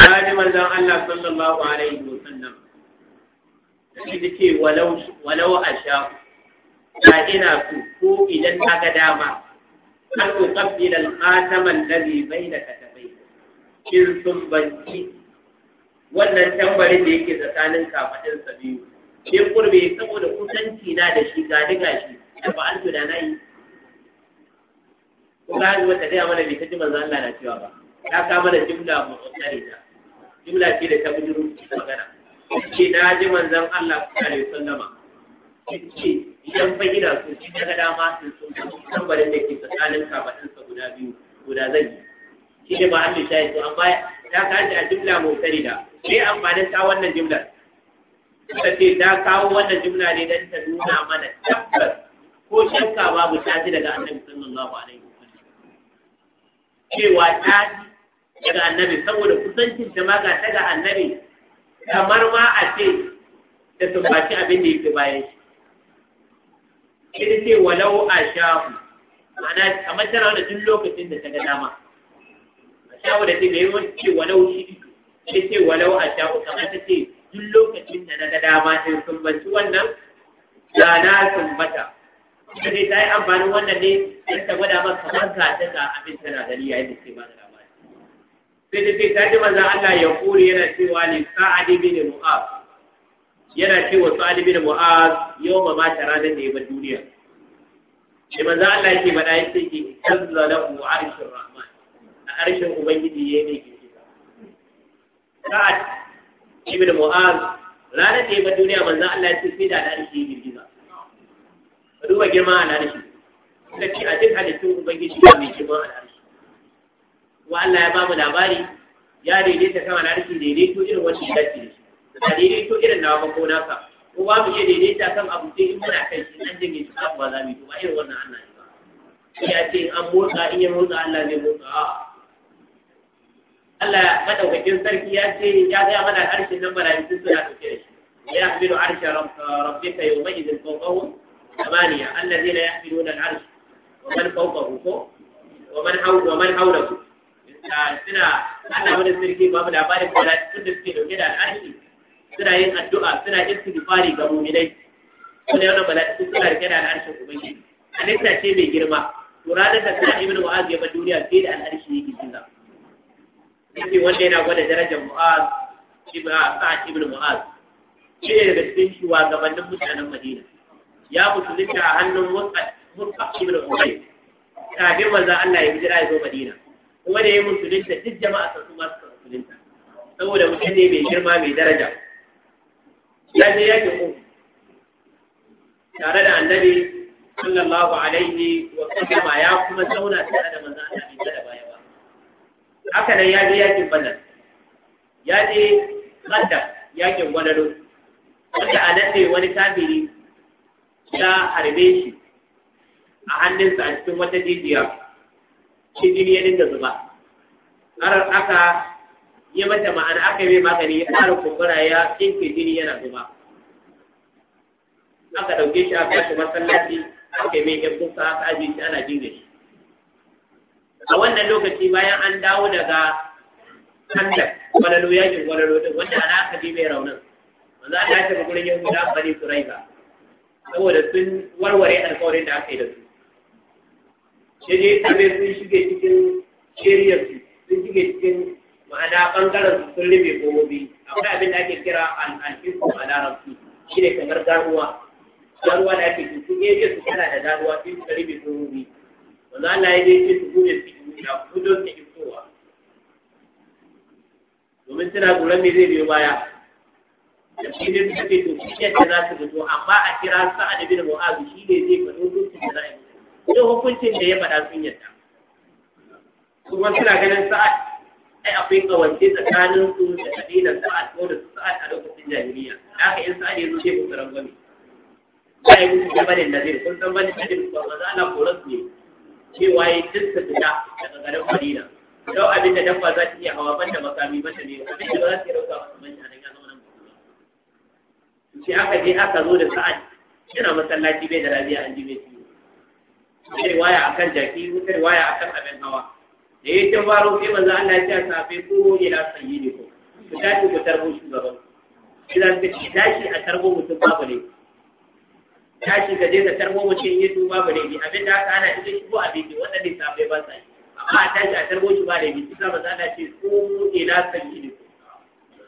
قال من الله صلى الله عليه وسلم ce walau walau asha ta ina ku ko idan na ga dama an uqabbil al-khatam alladhi bainaka tabayyin in sun banki wannan tambarin da yake tsakanin kafadin sa biyu in kurbe saboda kusanci na da shi ga diga shi da ba an na yi ko gani wata gaya mana bai ta ji manzo Allah na cewa ba ta ka mana jimla mu tsare ta jimla ce da ta bujuru magana ce na ji manzon Allah sallallahu alaihi wasallama ce idan fa gida su shi daga dama sun sun tambarin da ke tsakanin kafatin sa guda biyu guda zan yi shi ne ba Allah ya to amma ya ka ji a jimla mu tsare da me amfanin ta wannan jimlar suka ce ta kawo wannan jimla ne don ta nuna mana tabbas ko shakka babu ta ji daga annabi sallallahu alaihi cewa ta daga annabi saboda kusancin ta maga ta ga annabi kamar ma a ce ta tumbaci abin da yake bayan shi Kiri ce walau a shahu ma'ana kamar tana wani duk lokacin da ta ga dama a shahu da ce da yawan ce walau shi ita ce walau a shahu kamar ta ce duk lokacin da na ga dama in sumbaci wannan da na sumbata ita dai ta yi amfanin wannan ne don ta gwada maka kamar ka ta ga abin tana gani yayin da ke da labari sai da ce ta ji manzon Allah ya kuri yana cewa ne sa'ad ibn mu'az yana cewa alibi ibn mu'az yau ma mata ranar da ya ba duniya sai manzon Allah yake bada ce ke kazzalahu arshur rahman a arshin ubangiji ya yi ne ke sa'ad ibn mu'az ranar da ya ba duniya manzon Allah ya ce sai da da ya girgiza ka duba girma al'arshi suka ce a duk halittun ubangiji ya mai girman al'arshi kuma Allah ya bamu labari ya daidaita kan al'arshi daidaito irin wanda ya dace da shi da daidaito irin nawa ko naka ko ba mu iya daidaita kan abu sai in muna kai shi nan jin shi ba za mu yi ba irin wannan Allah ne ba ya ce an motsa in ya motsa Allah zai motsa a'a Allah madaukakin sarki ya ce ya ga mana harshen nan barayi sun suna tafiya da shi ya hamilu arsha rabbika yawma idin fawqahu Tamaniya Allah ثمانية الذين يحملون العرش ومن فوقه ومن حول ومن حوله suna Allah wani sirki ba mu labarin da sun da suke dauke da al'ashi suna yin addu'a suna istighfari ga mu'minai kuma yana mala'iku suna rike da al'arshin ubangiji halitta ce mai girma to ranar da sa ibnu mu'az ya bar duniya sai da al'arshi yake jinna yake wanda yana gwada darajar mu'az ibnu sa'ad ibnu mu'az shi ne daga cikin shugabannin mutanen Madina ya musulunta a hannun Mus'ab ibn Umayr kafin manzo Allah ya hijira ya zo Madina kuma da ya musulunta duk jama'a sun kuma suka musulunta saboda mutum ne mai girma mai daraja ya je yakin Uhud tare da annabi sallallahu alaihi wa sallama ya kuma zauna tare da manzo Allah bin da baya ba haka nan ya je yakin Badar ya je Khandaq yakin Gwadado wanda a nan ne wani kafiri ya harbe shi a hannunsa a cikin wata jijiya shi jini ya dinga zuba har aka yi mata ma'ana aka yi magani ya fara kumbura ya kinke jini yana zuba aka ɗauke shi a shi masallaci aka yi mai kusa aka ajiye shi ana jinga shi a wannan lokaci bayan an dawo daga kandar gwalalo yakin wanda ana aka bi mai raunin wanda ana ya tafi gurin yahuda bani ba saboda sun warware alkawarin da aka yi da su shi ne same sun shige cikin shirya su sun shige cikin ma'ana bangaren su sun rufe gobe akwai abin da ake kira al'alfisu a larabci shi ne kamar garuwa garuwa da ake cikin ya su kana da garuwa sun suka rufe gobe wanda Allah ya yi su gobe su yi da kudo su yi domin suna gurin me zai biyo baya da shi ne suka ce to shi yadda za su fito amma a kira sa'ad bin mu'azu shi ne zai faɗo hukuncin da za a yi sai hukuncin da ya faɗa sun yadda kuma suna ganin sa'ad ai akwai kawance tsakanin su da kabilar sa'ad ko da sa'ad a lokacin jahiliya haka in sa'ad ya zo zai musu rangwame ba ya musu jabalin nazir kun san bani nazir ba maza na koran su ne cewa ya dinka fita daga garin madina Dau abin da dabba za ta iya hawa banda makami banda ne abin da ba za ta iya rauka masu manya daga shi aka je aka zo da sa'ad yana masallaci bai da rabiya an ji mai ciwo sai waya akan jaki sai waya akan abin hawa da yake ba ro sai manzo Allah ya ce safe ko ila sayyidikum ku tashi ku tarbo shugaban idan ka ci tashi a tarbo mutum babu ne tashi ka je ka tarbo mutum ya duba babu ne abin da aka ana cikin shigo abinci wanda ne safe ba sai amma a tashi a tarbo shi ba da bi sai manzo Allah ya ce ko ila ko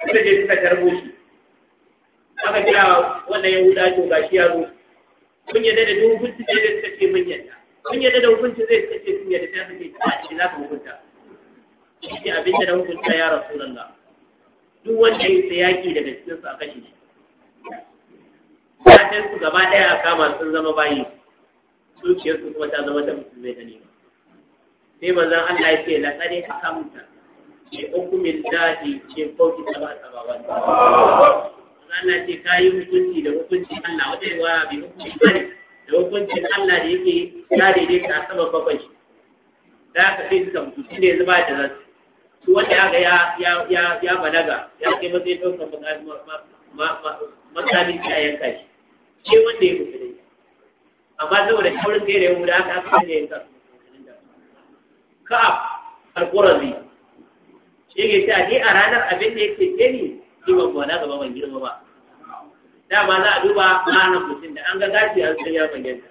suka je suka tarbo shi aka kira wannan yahuda to gashi ya zo kun yadda da duk hukunci zai da suka ce mun yadda kun yadda da hukunci zai suka ce sun yadda ta suke ta ce za ka hukunta shi abin da hukunta ya rasulullah duk wanda ya yi yaƙi daga cikin su a kashe shi matan su gaba ɗaya a kama sun zama bayi zuciyar su kuma ta zama ta musulmai da nema sai manzon Allah ya ce laqad hakamta bi hukmin dahi ce ba saba saba wani. Allah ce ka yi hukunci da hukuncin Allah wata yi wa bi hukunci bane da hukuncin Allah da yake ya daidaita a saman bakwai shi da ka sai suka mutu shi ne zuba da zasu su wanda ya ga ya balaga ya kai matsayin ɗaukar makami shi a yanka shi shi wanda ya mutu amma saboda shaurin kai da ya wuda aka aka sanya yanka ka'ab al-qurazi shi ke ta ni a ranar abin da yake ce ni shi ban na gaba ban girma ba dama za a duba ma'anar mutum da an ga gashi a cikin ya bayyana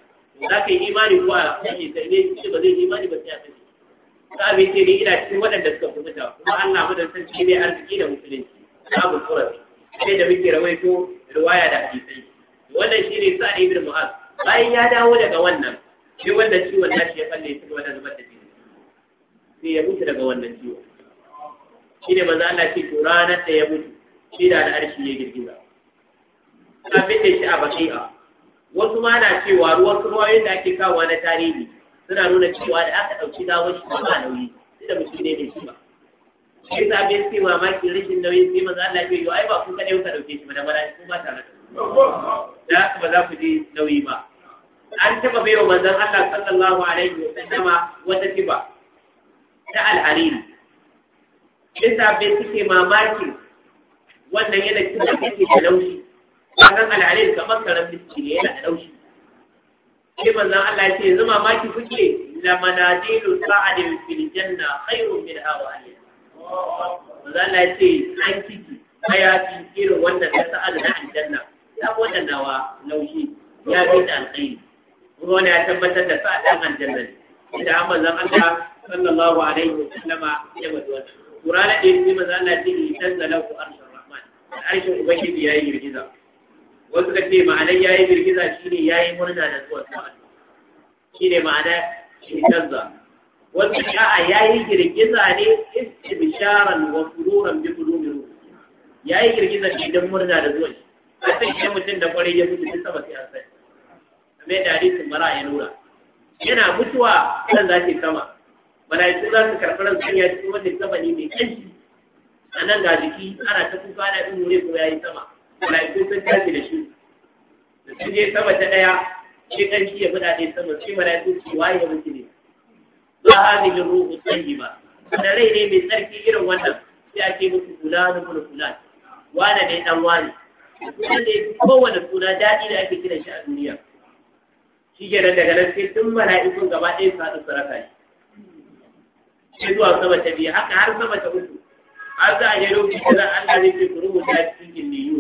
za ka yi imani ko a kashe ka ne shi ba zai imani ba sai a kashe ta abin ce ne ina cikin waɗanda suka fi fita kuma Allah mu da san shi ne arziki da musulunci babu tsorafi sai da muke rawaito riwaya da hadisai wannan shi ne sa'ad ibn mu'az bayan ya dawo daga wannan sai wannan ciwon nashi ya kalle shi wannan zubar da jini sai ya mutu daga wannan ciwon. shi ne maza Allah ce to ranar da ya mutu shi da al'arshi ya girgiza suna binne shi a a. wasu ma na cewa ruwan ruwayoyin da ake kawo na tarihi suna nuna cewa da aka ɗauki gawar shi ba nauyi da mutum ne mai shi ba shi sa bai sai mamaki rashin nauyin sai maza Allah ke yi ai ba kun kaɗai kuka ɗauke shi ba da mara shi ba tare da haka ba za ku ji nauyi ba an taɓa bai wa manzon Allah sallallahu alaihi wa sallama wata tiba ta al'ariri. sa bai suke mamakin wannan yana cikin da kake da laushi kan al'alil kamar karan miski ne yana da laushi sai manzon Allah ya ce zuma maki kuke la manadilu sa'adin fil janna khairun min hawaliya manzon Allah ya ce an kiki hayafi irin wannan na sa'ad na aljanna ya wannan nawa laushi ya bi da alkhairi kuma wani ya tabbatar da sa'ad na aljanna ne idan manzon Allah sallallahu alaihi wasallama ya bada wannan Qur'ani da yake manzon Allah ya ce tanzalahu arsha al'arshin ubangiji ya yi girgiza wasu ka ce ma'anar ya yi girgiza shi ne ya yi murna da zuwa sama shi ne ma'ana shi canza wasu sha'a ya yi girgiza ne istibsharan wa fururan bi qulubi ya yi girgiza ne don murna da zuwa shi a sai shi mutum da kwarai ya mutu duk sama sai an sai kamar yadda hadisin bara ya nuna yana mutuwa kan za ta sama mala'iku za su karɓi ran sanya cikin wata sama mai kanshi a nan ga jiki ana ta kuka ana ɗin wuri kuma ya yi sama mala'iku sun tashi da shi da sun je sama ta ɗaya shi kan shi ya faɗa ne sama yi mala'iku su waye mutu ne ba hadi da ruhu ba da rai ne mai tsarki irin wannan sai ake kula da kula kula wane ne dan wani sunan ya fi kowane suna daɗi da ake kiran shi a duniya shi nan daga nan sai tun mala'ikun gaba ɗaya su haɗu su raka shi sai zuwa sama ta biyu haka har sama ta uku a za a je da Allah zai kuru ku rubuta cikin illiyu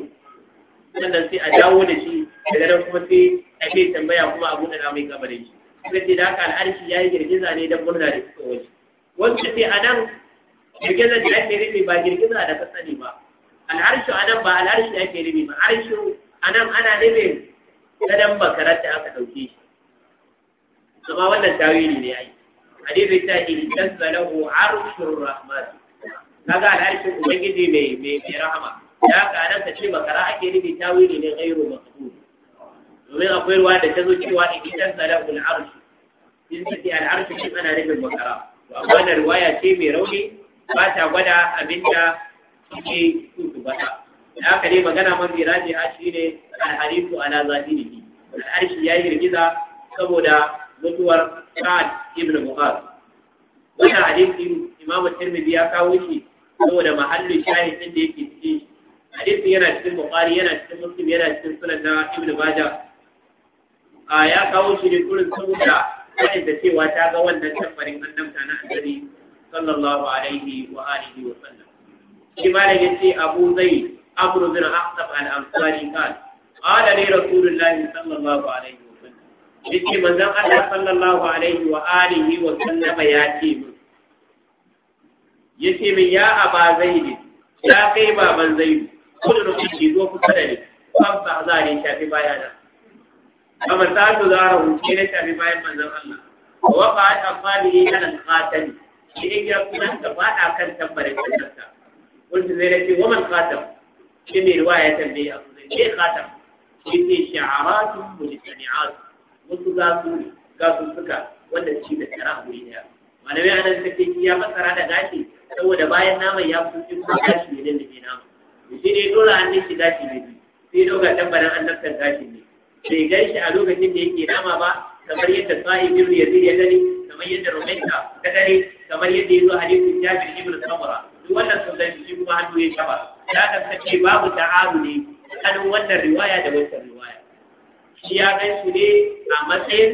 wanda sai a dawo da shi daga nan kuma sai a ke tambaya kuma a buɗe mai kamar shi kuma ce da haka al'arshi ya yi girgiza ne don murna da suka waje wanda sai a nan girgiza da ake rufe ba girgiza da kasa ne ba al'arshi a nan ba al'arshi ake rufe ba arshi a nan ana rufe gadon bakarar da aka ɗauke shi zama wannan tawiri ne ya ai bai ta ce idan zalahu arshur rahmatu kaga al'arshin ubangiji mai mai rahama ya ka ta ce makara ake nufi tawili ne ghairu maqbul domin akwai ruwa da ta zo cewa idan salahul arsh in sai al'arshi shi ana nufin makara to amma wannan riwaya ce mai rauni ba ta gwada abinda suke su ba da haka magana man raji a shi ne alhadisu ala zahirihi al'arshi ya yi girgiza saboda mutuwar sa'ad ibn mu'az wannan hadisi imam tirmidhi ya kawo shi saboda mahallin shahid din da yake cikin hadisin yana cikin bukari yana cikin muslim yana cikin sunan na ibnu baja a ya kawo shi ne kurin saboda kanin da cewa ta ga wannan tabbarin annabta na annabi sallallahu alaihi wa alihi wa sallam shi malam yace abu zai amru bin ahsab al ansari kan qala li rasulillahi sallallahu alaihi wa sallam yace manzon Allah sallallahu alaihi wa alihi wa sallam ya ce ya ce min ya aba zaidi ya kai baban zaidu kudu da kuke zo kusa da ni ban ba za ne shafi baya da. amma ta su zara hunce na shafi bayan manzon Allah wa waqa at amali ala al-khatam shi ya kuma ta fada kan tambarin ta. wanda zai race wa man khatam shi ne riwaya ta bai abu zai ne khatam shi ne sha'aratun mujtami'at wasu zasu ga su suka wanda shi da tsara wuri daya malamai anan suka ce ya fassara da gashi saboda bayan naman ya fito kuma gashi ne da ke naman shi ne dole an nishi gashi ne sai doga tambarin an nafsar gashi ne bai gashi a lokacin da yake nama ba kamar yadda sa'i ibnu yazid ya gani kamar yadda rumaita ta gani kamar yadda yazo zo hadisin jabir ibnu samura duk wannan sun gani shi kuma hannu ya shaba ya kasance babu ta'aru ne tsakanin wannan riwaya da wannan riwaya shi ya gan su ne a matsayin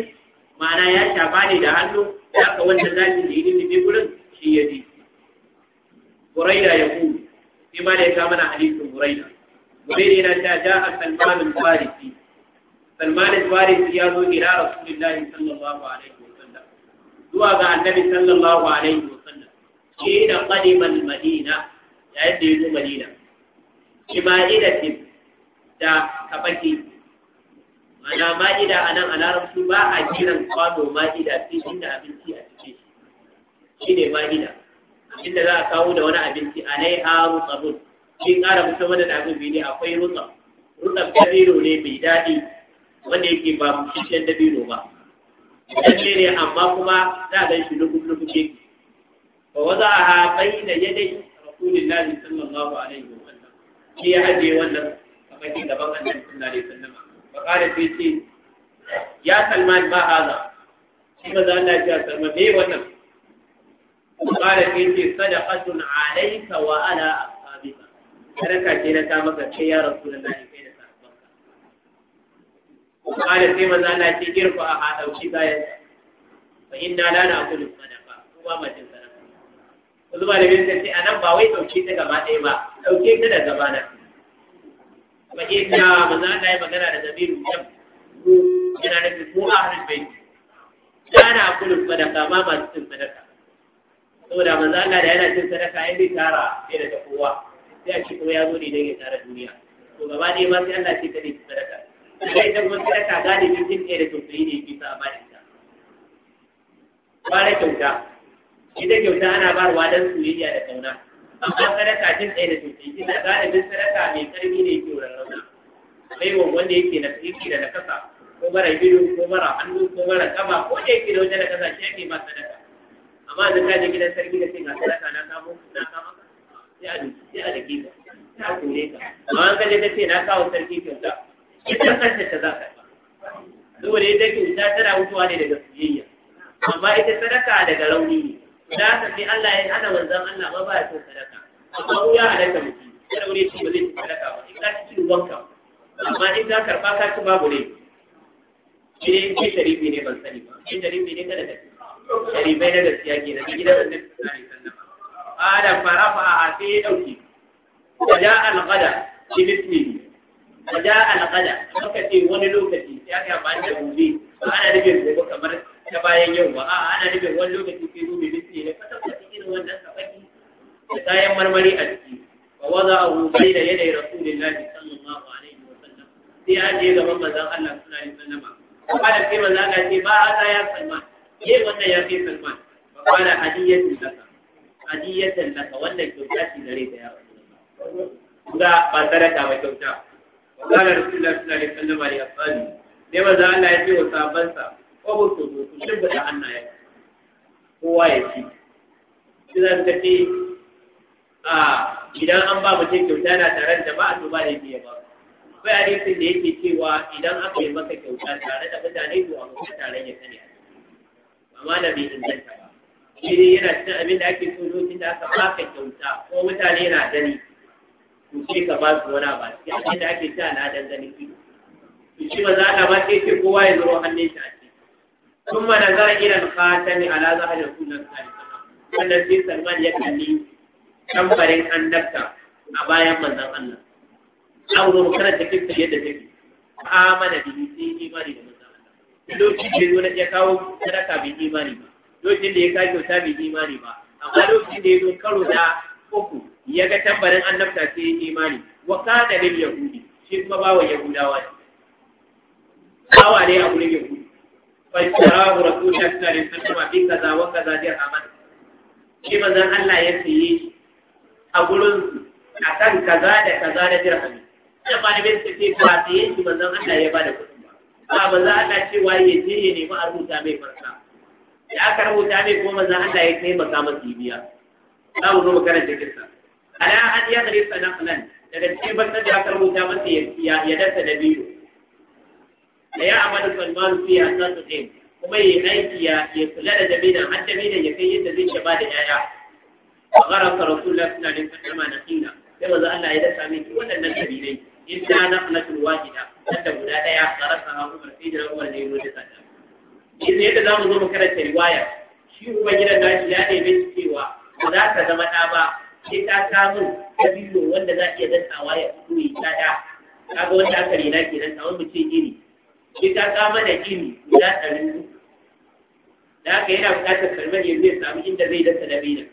ma'ana ya shafa ne da hannu da aka wancan lashin da ya lullube gurin shi ya ji buraida ya ku, shi ma da ya kama na hadisin buraida buraida yana ta ja a salmanin farisi salmanin farisi ya zo ila Rasulullahi sallallahu alaihi wasallam zuwa ga annabi sallallahu alaihi wasallam shi da qadimal madina yayin da ya zo madina shi ma ila da kafaki ma'ana ma'ida a nan a larabci ba a kiran kwano ma'ida sai inda abinci a cikin shi shi ne ma'ida inda za a kawo da wani abinci a nai a rutsabun shi ƙara mutum wanda da abin ne akwai rutsab rutsab dabiro ne mai daɗi wanda yake ba mutunciyar dabiro ba dabino ne amma kuma za a ganshi shi lukun lukun ke ba waza a haɓai da yadai rasulillahi a nan wa wannan. shi ya ajiye wannan a bakin gaban annan sun alaihi wa bakare fi ce ya salman ba haza shi ma zan dace a salman me wannan bakare fi ce sadaqatun alayka wa ala ashabika karaka ce na ta maka ce ya rasulullahi kai da sarbaka bakare fi ma zan dace girfa a hada shi ga yayin fa inna la na kullu sadaqa kuma ma ce sarbaka kuma ba ne a nan ba wai dauke daga ba dai ba dauke ne daga fa inna manzo Allah ya magana da zabiru jam mu yana da mu ahlul bait kana kullu sadaka ma ma cin sadaka saboda manzo Allah da yana cin sadaka ai bai tara sai da kowa sai a ce kuma ya zo ne dan ya tara duniya to gaba ɗaya ma sai Allah ce kada ki sadaka sai ita kuma sadaka galibi cin ɗaya da tausayi ne yake sa ba ta. bare kyauta ita kyauta ana barwa dan soyayya da kauna amma sadaka cin ɗaya da tausayi ita galibin sadaka mai karfi ne baiwan wanda yake na fiki da nakasa ko mara biyu ko mara hannu ko mara kama ko da yake da wata nakasa shi ake ma sadaka amma da ka je gidan sarki da sai ga sadaka na kawo na kama sai a sai a dake ka sai a kore ka amma an kaje ka ce na kawo sarki kyauta ita kanta ta za ka ya ita kyauta tana mutuwa ne daga sujiyya amma ita sadaka daga rauni ne da haka sai Allah ya hana wanzan Allah ba ba ya so sadaka amma a halatta mutum ya ce ba zai sadaka ba in ka ci ruwanka amma in za karɓa ka ci babu ne shi ne in sharifi ne ban sani ba shi sharifi ne kada ka sharifai na gaskiya ke na gidan annabi sallallahu alaihi wasallam qala farafa a sai ya ɗauki dauke waja al-qada ne mithlihi ja al-qada suka ce wani lokaci sai aka ba da gobe ba ana nufin gobe kamar ta bayan yau ba a ana nufin wani lokaci sai gobe bismi ne fata fata irin wannan sabaki da kayan marmari a ciki wa wada'ahu da yaday rasulillahi sallallahu sai ya je ga manzon Allah sallallahu alaihi wasallam kuma da sai maza Allah ce ba ta ya salma yayi wannan ya fi salma ba kana hadiyatu laka hadiyatan laka wannan kyauta ce gare da ya ga ba sadaka ba kyauta wa da suna sallallahu alaihi wasallam ya ashabi sai manzon Allah ya ce wa sahabbansa ko ku ku shimfa da hannaye kowa ya ci shi za ka ce a idan an ba mutum kyauta na tare da ba a to ba ne ya ba akwai hadisin da yake cewa idan aka yi maka kyauta tare da mutane to a mutum tare ya sani amma da bai inganta ba shi ne yana cin abin da ake so lokacin da aka baka kyauta ko mutane na gani to sai ka ba su wani ba shi abin da ake cewa na dan gani shi to shi ba za ka ba sai ce kowa ya zo hannun shi a ce ثم ma na zara irin ظهر رسول الله صلى الله عليه وسلم أن النبي صلى الله عليه وسلم يكلم كم فرق أن نبتع أبايا من an zo karanta kifta yadda take amana bihi sai imani da mutum lokacin da zo ya kawo sadaka bai imani ba lokacin da ya kawo kyauta bai imani ba amma lokacin da ya zo karo da uku ya ga tabbarin annabta sai imani wa kana lil yahudi shi kuma bawa yahudawa ne bawa ne a gurin yahudi fa istarahu rasulullahi sallallahu alaihi wasallam bi kaza wa kaza dirhaman shi manzon Allah ya sayi a gurin akan kaza da kaza da dirhamin da malamai suka ce ba da yanki manzon Allah ya bada kuɗi ba ba za Allah cewa ya je ya nemi a rubuta mai farka Ya aka rubuta mai kuma manzon Allah ya taimaka masa biya za mu zo mu karanta A ala an ya gare sanan nan daga cikin barna da aka rubuta masa ya ya dasa da biyu da ya amana salman fi hasan din kuma yi aiki ya ya kula da jami'a, har jami'a ya kai yadda zai ba da yaya wa garasa lafiya ne alaihi wasallam na ƙina sai manzon Allah ya dasa mai wannan nan ƙabilai In illa naqlatun wahida wanda guda daya garasa ha Umar sai da Umar ne yau da tsada idan yadda za mu zo mu karanta riwaya shi uba gidan shi ya nemi cewa ba za ka zama ɗa ba sai ta samu dabino wanda za iya dantawa ya fito yi ta ɗa kaga wanda aka rena kenan kamar mu ce gini, sai ta kama da gini guda ɗari uku da haka yana buƙatar kalmar yanzu ya samu inda zai dasa dabino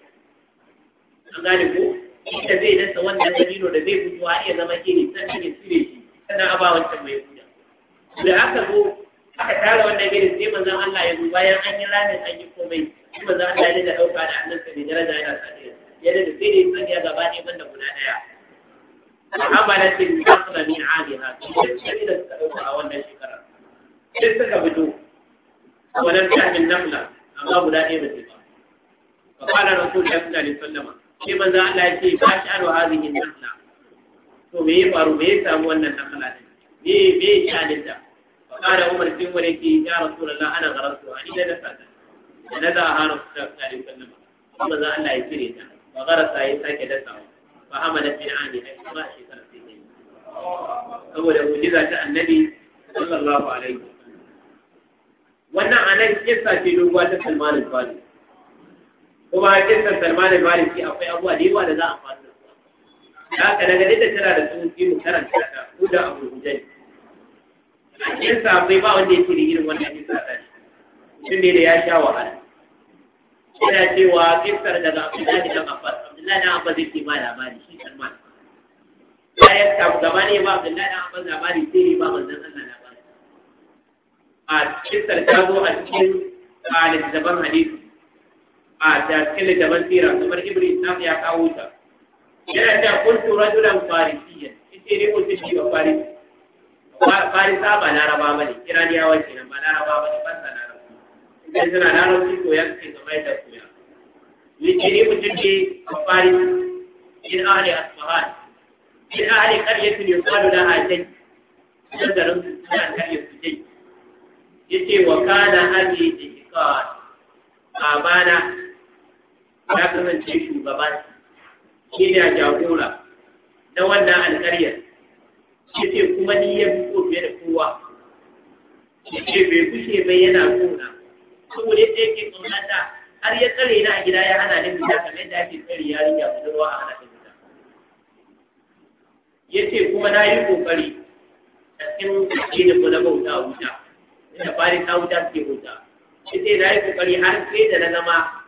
an gane ko inda zai dasa wannan dalilo da zai fito a iya zama iri ta ne cire shi sannan a ba wancan mai da aka zo aka tara wannan iri sai manzon Allah ya zo bayan an yi ramin an yi komai sai manzon Allah ya da dauka da annabi mai daraja yana sadiya ya da sai dai yasan ya gaba ne banda guda daya amalat bil aqra min ha sai da suka dauka a wannan shekara sai suka fito wannan ta min namla amma guda ɗaya ba ce ba فقال رسول الله صلى الله عليه sai manzo Allah ya ce ba shi aro hazihi nakla to me ya faru me ya samu wannan nakla din me me ya shaɗin ta fa kana Umar sai Umar yake ya Rasulullah ana garasu ani da na sata da na da hanu ta kare kullum manzo Allah ya kire ta fa garasa ya sake da sawa fa amana fi ani ai ba shi kar sai ne saboda mu'jiza ta annabi sallallahu alaihi wasallam wannan anan kissa ce doguwa ta Salman al-Farisi kuma kisan salman al-farisi akwai abuwa da yawa da za a faru da su. haka daga da tana da sun fi mu karanta ta ko da abu hujjai a cikin sabai ba wanda yake da irin wannan kisa ta shi ne da ya sha wahala yana cewa kisar daga abdullahi dan abbas abdullahi da abbas yake ba labari shi salman ya yi samu gaba ne ba abdullahi da abbas labari sai ne ba manzon Allah labari a kisar ta zo a cikin a littattafan hadisi a ta cikin sira kamar Ibrahim islam ya kawo ta yana ta kuntu rajulan farisiya ita ne kuntu shi ba farisi farisa ba laraba ba ne kiraniyawa kenan ba laraba ba ne ba sa laraba ne suna larabci to ya ce kamar yadda koya yace ne mutum ne a farisi in ahli asfahan in ahli qaryatin yuqalu laha jay da garin suna karya su jay yace wa kana abi jikan babana ya kasance shugaba shi ne a jagora na wannan alkaryar shi ce kuma ni ya fi fiye da kowa shi ce bai kushe bai yana kona saboda yadda yake tsaunata har ya tsare na a gida ya hana ni fita kamar yadda ake tsare yarinya budurwa a hana ta fita ya ce kuma na yi ƙoƙari a cikin addinin da na bauta a wuta inda fari ta wuta suke wuta ya ce na yi ƙoƙari har sai da na zama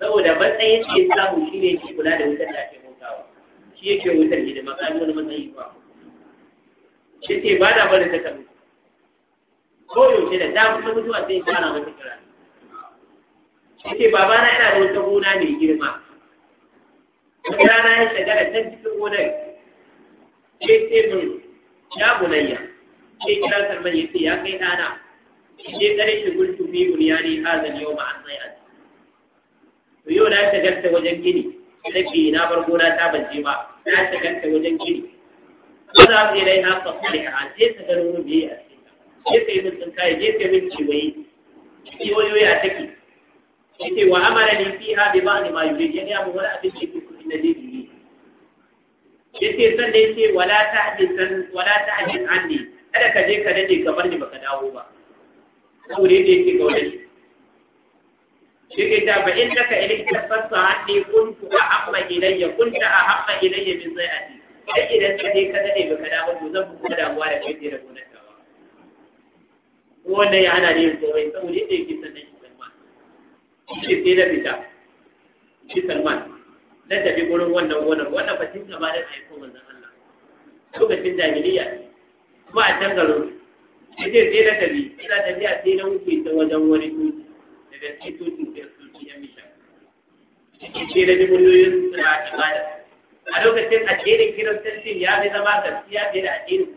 saboda matsayin da ya samu shi ne shi kula da wutar da ake bautawa shi yake wutar hidima makami wani matsayi ba shi ce ba na bari ta kalu ko yaushe da ta kusa mutuwa sai ba fara mata kira shi ce babana yana da wata gona mai girma wata rana ya shagara can cikin gonar ce ce mun ya bunayya ce kira karmar ya ce ya kai ɗana ce tsare shi gultu bi buniyani hazan yau ma'an zai a to yau na shagarta wajen gini rabi na farko na ta bace ba na shagarta wajen gini ko za mu yi na fasari a je ta gano wani biye a cikin je ta yi min tsinkaye je ta yi min kewaye kiwoyoyi ya take ce wa amara ni fiha bi ba'd ma yurid yani abu wala abin da yake kudin da zai yi yace san da ce wala tahdisan wala ta tahdis anni kada ka je ka dade kamar ni baka dawo ba saboda ne yake ga wani yake ta ba in daga ilikta fasa haɗe kuntu a haɓa ilayya kunta a haɓa ilayya min zai haɗe sai idan ka je ka daɗe baka damu to zan kuma damuwa da kai da gonar ka ba wanda ya hana ne komai saboda yadda yake sannan shi salman shi sai na fita shi salman na tafi gurin wannan gonar wannan fatin gaba da tsaye ko manzon Allah lokacin jahiliya kuma a can garo sai sai na tafi ina tafiya sai na wuce ta wajen wani tuti University to tutar zuciyar mishan. Cikin kira da miliyoyin suna ibada. A lokacin addinin kiristanci ya fi zama gaskiya fiye da addinin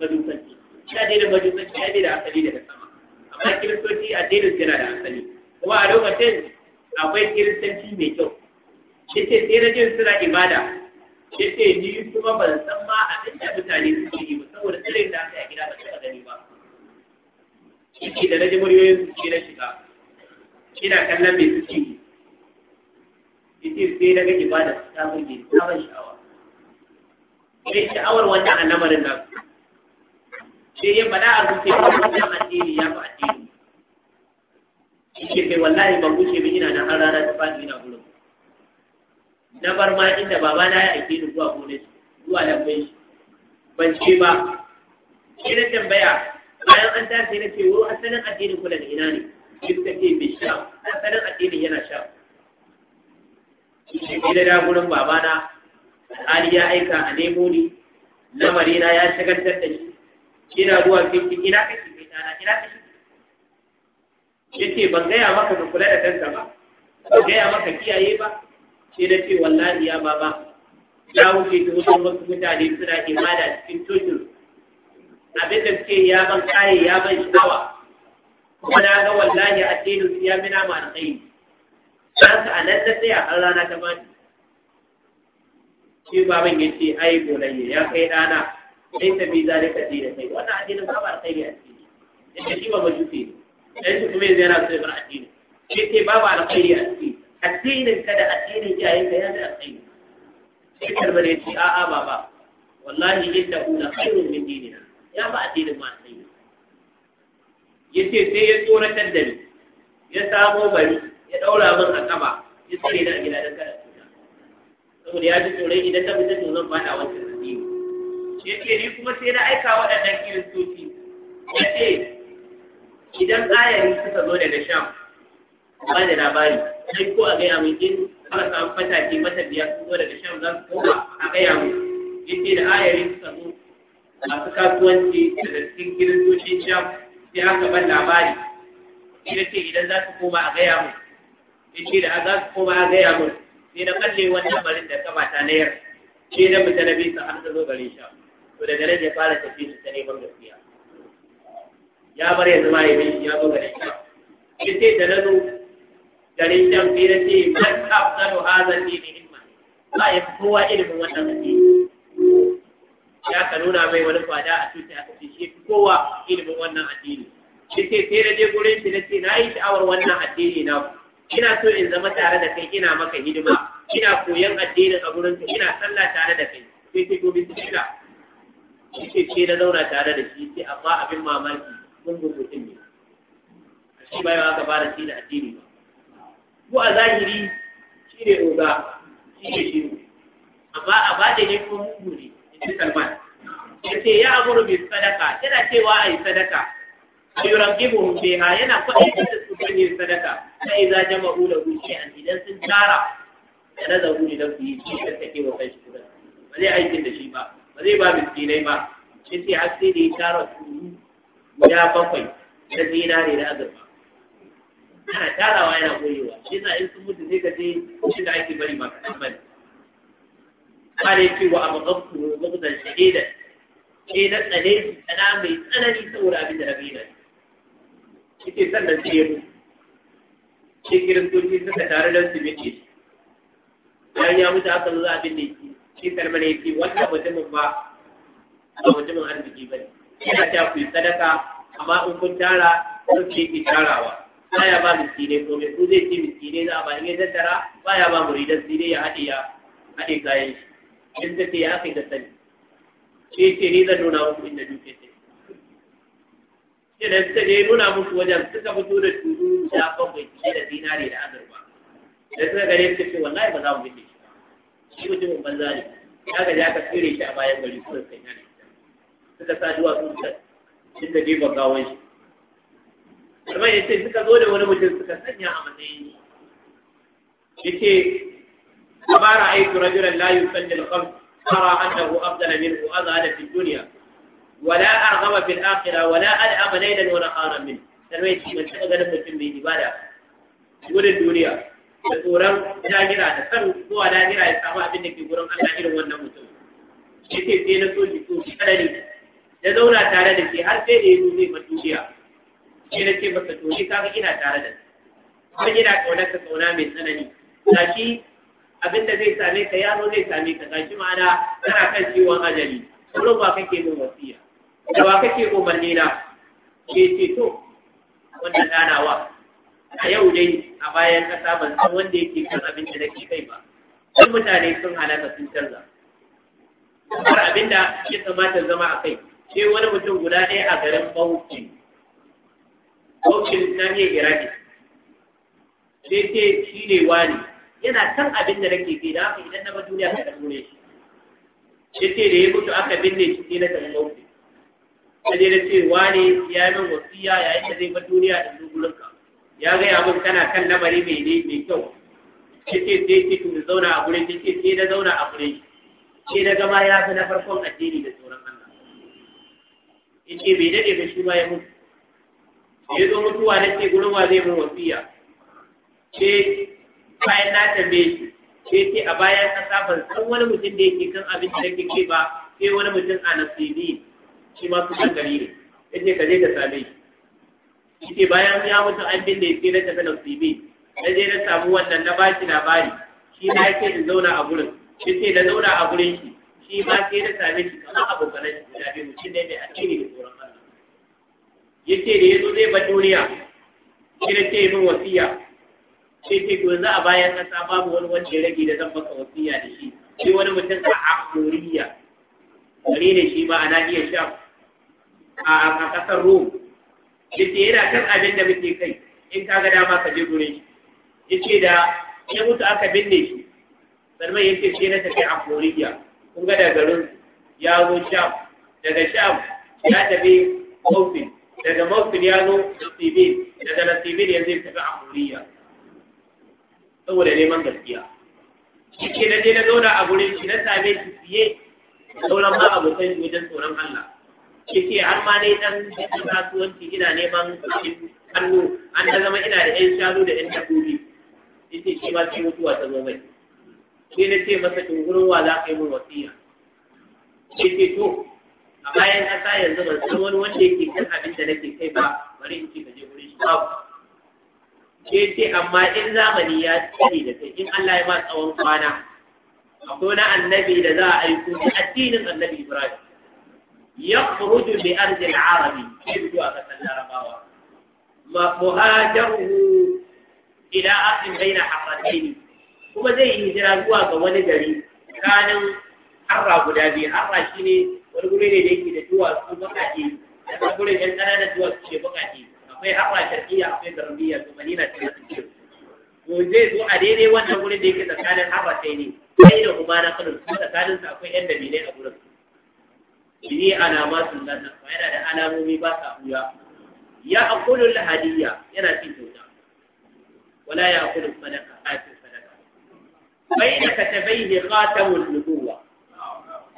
majusanci. Shi addinin majusanci ya fi da asali daga sama. Amma kiristoci addinin suna da asali. Kuma a lokacin akwai kiristanci mai kyau. Shi ce suna ibada ya ce ni kuma ban san ma abin da mutane suke ba saboda tsirin da aka yi gida ba taɓa gani ba. Ciki da na ji muryoyin na shiga. kina kallon mai suke yace sai na ibada ta burge ta ban sha'awa ne sha'awar wannan al'amarin nan sai ya faɗa a rufe wannan addini ya fi addini shi kai wallahi ban bushe ba ina nan har rana ta faɗi ina gurin na bar ma inda babana ya aike ni zuwa gonar zuwa lambun shi ban ce ba sai na tambaya bayan an tashi na ce wurin asalin addinin kula da ina ne yustake bi sham sanin addinin yana sham shi ne da gurin babana Ali ya aika a nemo ni lamari na ya shagaltar da shi ina zuwa kinki ina kashi mai dana ina kashi yace ban gaya maka ka kula da kanka ba ban gaya maka kiyaye ba sai na ce wallahi ya baba ya wuce ta wajen wasu mutane suna imada cikin tushin abin da suke ya ban kaye ya ban sha'awa kuma na ga wallahi addinin su ya mina ma alkhairi dan ka anan ta a har rana ta bani shi ba ya ce ai bolaye ya kai dana sai ta bi zalika dina sai wannan addinin ba alkhairi a ciki yace shi ba majusi jufi sai su kuma yanzu yana so ya bar addini sai ce babu alkhairi a ciki addinin ka da addinin yi yana da alkhairi sai karbar ya ce a'a baba wallahi inda na khairun min dinina ya ba addinin ma alkhairi ya ce sai ya tsoratar da ni ya samo bari ya ɗaura min a kaba ya tsare a gida don kada cuta saboda ya ji tsoron idan ta fita to zan faɗa wancan addini ya ce ni kuma sai na aika waɗannan kiristoci ya ce idan ayari suka zo daga sham ba da labari sai ko a gaya min in aka samu fatake matafiya sun zo daga sham za su koma a gaya min ya ce da ayari suka zo masu kasuwanci daga cikin kiristoci sham sai aka ban labari ina ce idan za su koma a gaya mun in ce da za su koma a gaya mun ne na kalle wannan barin da kaba na nayar sai na mutane na bisa har ta zo gare shi to daga nan ya fara tafi su ta neman gaskiya ya bar yanzu ma ya bi ya zo gare shi ya ce da nan gare shi sai ce man hafsanu hadha ne himma ba ya kowa ilimin wannan hadisi ya ka nuna mai wani fada a tuta a cikin shi kowa ilimin wannan addini shi ce sai na je gurin shi na ce na yi sha'awar wannan addini na ina so in zama tare da kai ina maka hidima ina koyan addinin a gurin ka ina sallah tare da kai sai ce gobe su shiga shi ce sai na zauna tare da shi sai amma abin mamaki mun gurgurtun ne A shi bai ba ka fara shi da addini ba ko a zahiri shi ne oga shi ne shi amma a da ne kuma mu ne bi Salman ce ya amuru bi sadaka yana cewa yi sadaka yuragibuhum ha yana kwaɗayin da su kan yi sadaka sai idza jama'u wuce shay'an idan sun tara da na nazaru idan su yi shi da take wa shi kudan ba zai aikin da shi ba ba zai ba miskinai ba ya ce har sai da ya tara su guda bakwai na zinare da azurfa ana tarawa yana goyewa shi sa in sun mutu zai ka je shi da ake bari ba kaɗan kare cewa a magabtu magabtan shahida sai na tsane shi tsana mai tsanani saboda abin da rabi na shi ke sannan sai ya mutu shi kiristoci suka tare da su miki bayan ya mutu aka zuwa abin da yake shi kalmar yake wannan mutumin ba a mutumin arziki ba ne yana ta ku yi sadaka amma in kun tara sun ce ki tarawa baya ba miskinai ko mai ku zai ce miskinai za a ba in ya tattara baya ba muridan sire ya haɗe ya haɗe kayan shi yadda ta ya kai da sani sai ce ni zan nuna muku inda duke ce sai da suka je nuna musu wajen suka fito da turu da bakwai cike da zinare da azurfa da suka gare suka ce wallahi ba za mu bige shi shi mutumin banza ne ya gaji aka ka tsire shi a bayan gari kuma sai ya ne suka sa duwatsu suka suka jefa gawon shi Kuma ya ce suka zo da wani mutum suka sanya a matsayin shi. Ya ce فما رأيت رجلا لا يصلي الخمس أرى أنه أفضل منه وأزهد في الدنيا ولا أرغب في الآخرة ولا ألعب ليلا ونهارا منه سنوي شيء من شغل المسلم بالعبادة يقول الدنيا da tsoron lahira da san zuwa lahira ya samu abin da ke gurin Allah irin wannan mutum shi ke sai na so shi so shi ya zauna tare da shi har sai da ya zo zai bar jiya. sai na ce ina tare da shi har ina ka mai tsanani gashi abin da zai same ka yaro zai same ka gashi ma'ana kana kan ciwon ajali kullum ba kake min wasiya da ba kake umarni na ke ce to wannan danawa a yau dai a bayan kasa ban san wanda yake kan abin da nake kai ba duk mutane sun halaka sun canza kamar abin da ya kamata zama a kai sai wani mutum guda ɗaya a garin Bauchi Bauchi na iya Iraki sai sai shi ne wani yana kan abin da nake fi da haka idan na ba duniya ta kaso shi shi ce da ya mutu aka binne shi sai na tafi mauti Ta je na ce wane ya yi min wasiya yayin da zai ba duniya da zo ka ya gaya min kana kan lamari mai ne mai kyau ya ce sai ce tun zauna a gurin ya ce sai na zauna a gurin sai na gama ya fi na farkon addini da sauran Allah in ce bai daɗe ba shi ma ya mutu ya zo mutuwa na ce gurin wa zai min wasiya sai bayan na tambaye shi sai ce a bayan kasa ban san wani mutum da yake kan abin da nake kai ba sai wani mutum a nasibi shi ma su gari ne yace ka je ka same shi yace bayan ya mutu an binne sai na tafi nasibi na je na samu wannan na ba shi labari shi na yake da zauna a gurin yace da zauna a gurin shi shi ma sai na same shi kamar abokan shi zabe biyu mutum ne mai addini da tsoron Allah yace da yazo zai bar duniya shi na ce min wasiya sai sai to yanzu a bayan ta babu wani wanda ya rage da zan maka wasiya da shi sai wani mutum a Afuriya gare da shi ma a iya Sham a kasar Rome yace yana kan abin da muke kai in ka ga dama ka je gurin shi yace da ya mutu aka binne shi sannan yace sai na tafi Afuriya kun ga da garin ya zo Sham daga Sham ya tafi Mawfin daga Mawfin ya zo Nasibin daga Nasibin ya zai tafi Afuriya saboda neman gaskiya shi na je na zauna a gurin shi na same shi fiye sauran ma abokan wajen tsoron Allah shi ke har ma ne dan cikin kasuwanci ina neman hannu an ta zama ina da yan shanu da yan dabbobi shi ce shi ma shi mutuwa ta zo mai sai na ce masa in gurin wa za ka yi min wasiya shi ce to a bayan ƙasa yanzu ban san wani wanda yake kan abin da nake kai ba bari in ce ka je gurin shi babu sai ce amma in zamani ya tsari da kai in Allah ya ba tsawon kwana akwai na annabi da za a aiko da addinin annabi Ibrahim ya furuju bi ardi al-arabi sai zuwa kasar larabawa ma muhajaruhu ila aqim baina haqqatayn kuma zai yi hijira zuwa ga wani gari kanin harra guda biyu harra shine wani guri ne da yake da duwatsu bakaki da wani guri ne ƙananan duwatsu ke bakaki akwai hawa shafiya, akwai garbiya to madina ce ta ce zai zo a daidai wannan wurin da yake tsakanin hawa sai ne sai da kuma na kanu su tsakanin su akwai yan dalilai a gurin ini alama sun lana ba yana da alamomi ba sa buya ya akulu lahadiyya yana cin kyauta wala ya akulu sadaka kafin sadaka bai da ka tabaihi khatamul nubuwa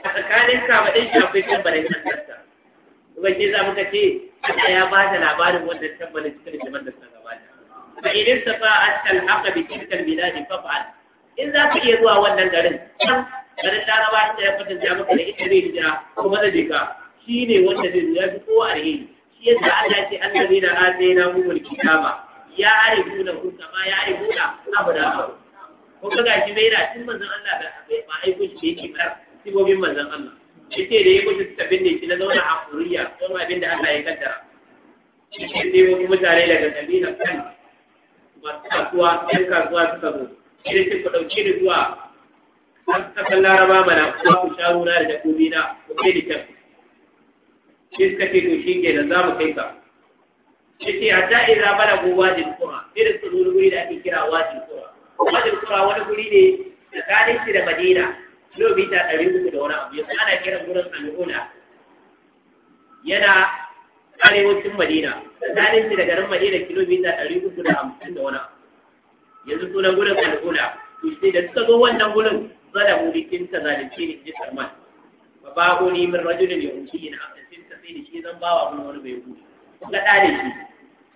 a tsakanin ka ba dai shi akwai kan barin kansa kuma ke za muka ce Allah ya ba da labarin wannan tabbata cikin littafin da suka gabata fa idan safa atal haqa bi tilkal a fa'al in za ka iya zuwa wannan garin garin laraba inda ya fata ya maka da ita zai hijira kuma da jika shi ne wanda zai ya fi kowa alheri shi yadda Allah ce Allah zai na azai na mumul kitaba ya arifuna hu kama ya abu da abu. ko kaga shi bai da tun manzan Allah da ba aiko shi da yake fara sibobin manzan Allah yake da ya mutu suka binne shi na zauna a kuriya don abin da Allah ya kaddara yake sai wasu mutane daga na kan masu kasuwa ɗan kasuwa suka zo sai sai ku ɗauki da zuwa kasan laraba mana kuma ku sha runa da dabbobi na ku kai da can shi suka ce to shi ke da za mu kai ka ke a da'ira bala ko wajin kuma irin su wuri da ake kira wajin kuma wajin kuma wani guri ne tsakanin shi da madina kilomita ɗari uku da wani abu yanzu ana kiran gurin al'una yana arewacin madina tsakanin shi da garin madina kilomita ɗari uku da hamsin da wani abu yanzu suna gurin al'una to shi da suka zo wannan gurin mu bikin ta zalunce ni ji karman fa ba ko ni min rajulin ya unci ina cikin ta sai da shi zan bawa mun wani bai gudu kun ga da shi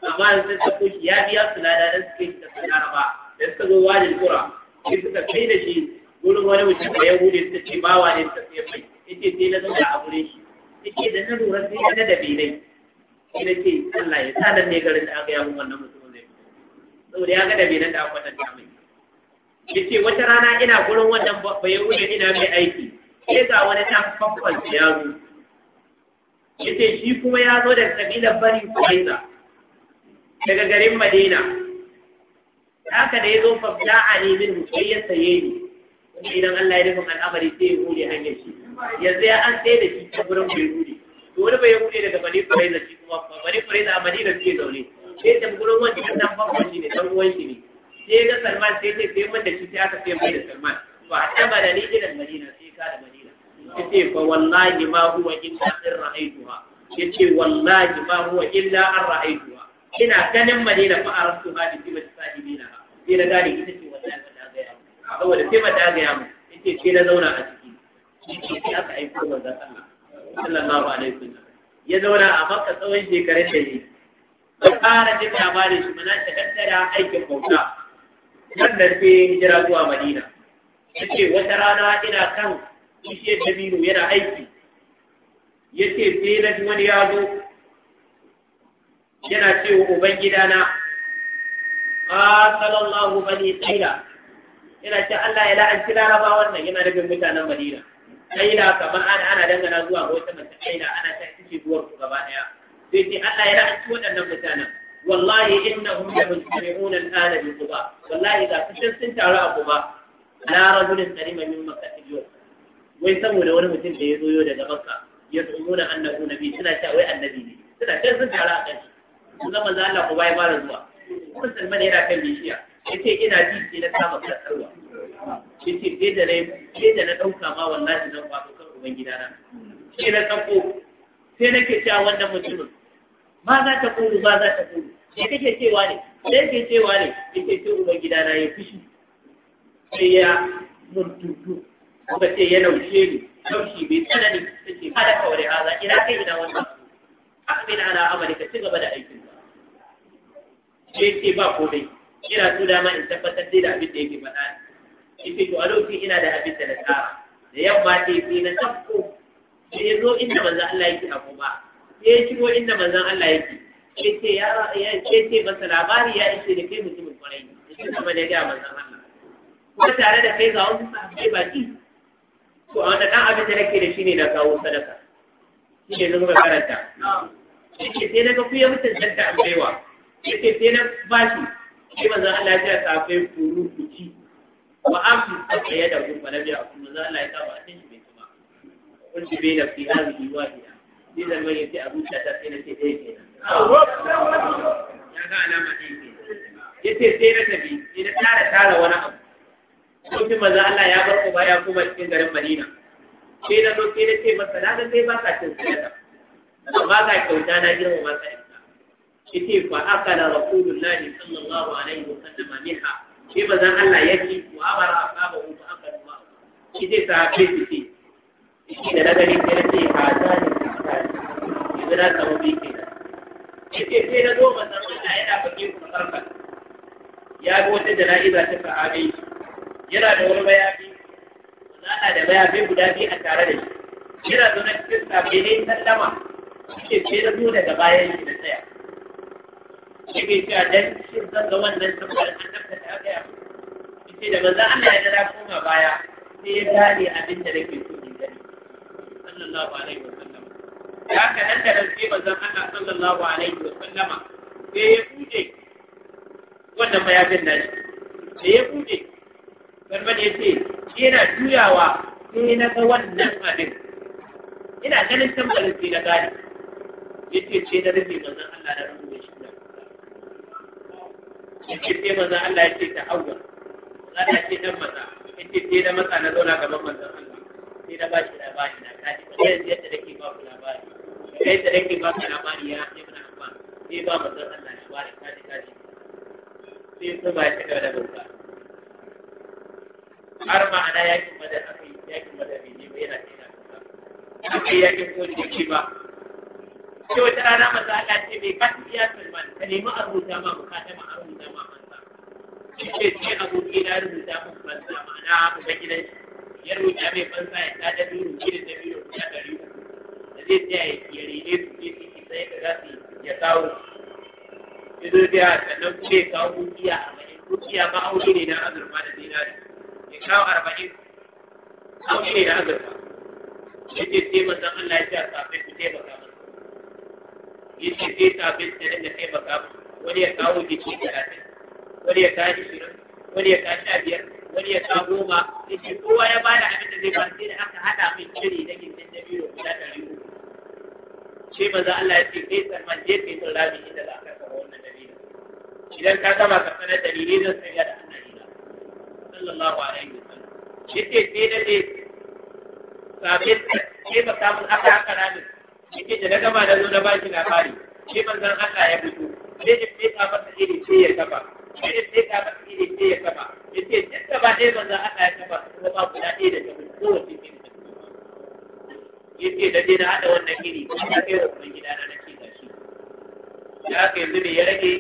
amma yanzu ta kushi ya biya su lada dan suke ta sanarwa da suka zo wajen kura shi suka kai da shi wurin wani mutum da ya hude suka ce wa ne suka sai mai yace sai na zama a gurin shi yace da na lura sai na da bai sai na ce Allah ya sa ne garin da aka yawo wannan mutumin zai fito saboda ya ga da bai da aka kwatanta mai yace wata rana ina gurin wannan bai hude ina mai aiki sai ga wani ta faffan ya zo yace shi kuma ya zo daga kabilar bari kuwaita daga garin madina haka da ya zo Fafda a min sai ya saye ni kuma idan Allah ya rufe al'amari sai ya bude hanyar shi yanzu ya an sai da shi ta gurin bai bude to wani bai bude daga bani kuraiza shi kuma bani kuraiza a madina suke zaune sai ta gurin wanda kan nan babban shi ne ɗan uwan shi ne sai ga Salman sai sai sai wanda da shi sai aka sai mai da Salman Ba a ta bada ni gidan Madina sai ka da Madina Ya ce fa wallahi ma huwa illa in ra'aytuha ce wallahi ma huwa illa an ra'aytuha ina ganin Madina fa arastu hadi bi ba. sai na gane ita ce saboda sai ba ta gaya mu yace sai na zauna a ciki yace sai aka aiko manzon Allah sallallahu alaihi wasallam ya zauna a Makka tsawon shekarun da yi ba ƙara jin labarin shi mana ta daddara aikin bauta da ke hijira zuwa Madina yace wata rana ina kan kishiyar Jamilu yana aiki yace sai na ji wani ya zo yana wa ubangidana قاتل الله بني قيلة yana ce Allah ya la'anci laraba wannan yana nufin mutanen Madina da kamar ana ana dangana zuwa wata mace aina ana ta cike zuwa ku gaba daya sai ce Allah ya la'anci waɗannan mutanen wallahi innahum yamtami'un al-ana bi quba wallahi da kusan sun taru a quba ala rajulin karima min makkah yau wai saboda wani mutum da ya zo yau daga makka ya tsumuna annabi nabi suna cewa wai annabi ne suna can sun taru a kai shi kuma manzo Allah ku bai fara zuwa musulman yana kan bishiya yace ina ji sai na kama kasarwa yace sai da sai da na ɗauka ma wallahi nan ba kan uban na. sai na tsako sai nake cewa wannan mutumin ma za ta kuru ma za ta kuru sai kake cewa ne sai ke cewa ne Ya ce uban na ya fushi sai ya mun tutu kuma ce ya naushe ni naushi bai tsanani sai kada ka wani haza ina kai ina wannan akmin ala amali ka ci gaba da aikin sai ce ba ko dai ina so dama in tabbatar dai da abin da yake faɗa in to a lokacin ina da abin da na tsara da yamma ta yi na tafko sai ya zo inda manzon Allah yake a kuma sai ya shigo inda manzon Allah yake sai ce ya sai ce masa labari ya ishe da kai mutumin kwarai ne shi kuma da ya manzon Allah Ko tare da kai ga wasu sahabbai baki to a wannan abin da nake da shi ne na kawo sadaka shi ne zama karanta ce sai na ga kuya ya mutunta an baiwa ce sai na bashi sai manzon Allah ya ce safe kuru ku ci wa afi tsaye da ku fa nabiya ku manzon Allah ya saba cin shi bai kuma kun ci bai da fi hazi wahida ni da mai yace abu ta ta sai na ce dai kenan ya ga alama dai Ya ce sai na tafi sai na tara tara wani abu sun fi manzon Allah ya bar ku baya kuma cikin garin Madina sai na zo sai na ce masa na ga sai ba ka cin sadaka amma ga kyauta na girma ba sai yace fa akala rasulullahi sallallahu alaihi wa sallam minha sai bazan Allah yake wa amara ashabahu fa akala ma yace sahabbai su shi. yace da daga ne sai ce hazani yanzu na samu bi ke yace sai na zo manzon Allah yana ku sarkar ya ga wata jana'iza ta sahabai yana da wani bayani zana da bayani guda biyu a tare da shi yana zaune cikin sahabbai ne sallama suke sai na zo daga bayan shi na tsaya shi bai fi a dan shi zan ga wannan tambayar annabta da aka yi ce da manzan Allah ya dara koma baya sai ya gane abin da nake so in gani sallallahu alaihi wa sallam ya ka nan da rance manzan Allah sallallahu alaihi wa sallama sai ya kuje wannan mayafin nashi sai ya kuje garban ya ce yana juyawa sai na ga wannan abin ina ganin tambarin sai na gane ya ce ce na rufe manzan Allah na rufe shi yake sai manzon Allah ya ce ta Hauwa. Allah ya ce dan maza yake sai da maza na zauna gaban manzon Allah sai da ba shi labari na kaji kamar yanzu yadda nake ba ku labari kamar yadda nake ba ku labari ya sai mana amma sai ba manzon Allah labari kaji kaji sai kuma ya cika da bauta har ma'ana yakin madar aka yi yakin madar bai ne ba yana cikin aka yi yakin koli da ke ba sai wata rana maza Allah ce mai kasu ya Salman ka nemi a rubuta ma bukata ma a rubuta ma manza shi ce sai aboki na rubuta mun banza ma'ana ba gidan ya rubuta mai fansa ya tada biyu gidan da biyu ya dari da zai tsaya ya rene su ke ciki sai ka za su ya kawo ido da sannan kuma ya kawo kukiya arba'in kukiya ma aure ne na azurfa da zinari ya kawo arba'in aure ne na azurfa shi ce sai manzan Allah ya ce a safe ku taimaka masa ya ce sai sabin da nan da taimaka. maka wani ya kawo jiki talatin wani ya kawo ishirin wani ya kawo sha biyar wani ya kawo goma ya ce kowa ya bada abin da zai ba sai da aka haɗa min shiri na gindin da biyu guda ɗari uku sai maza Allah ya ce kai salman je kai sun rami inda za ka kawo wannan dalilin idan ka gama ka sanar dalilin zan sanya da annabi sallallahu alaihi wasallam shi ce sai da ne sabin da ke ba samun aka haka ramin yake da na gama na zo na baki labari sai manzon Allah ya fito sai in fesa masa iri sai ya saba? sai in fesa masa iri sai ya saba? Yake duk da ba dai manzon Allah ya saba, kuma ba guda ɗaya da tafi ko wace ce da tafi yace da dai na hada wannan iri ko na kai wa gida na nake da shi Ya haka yanzu ne ya rage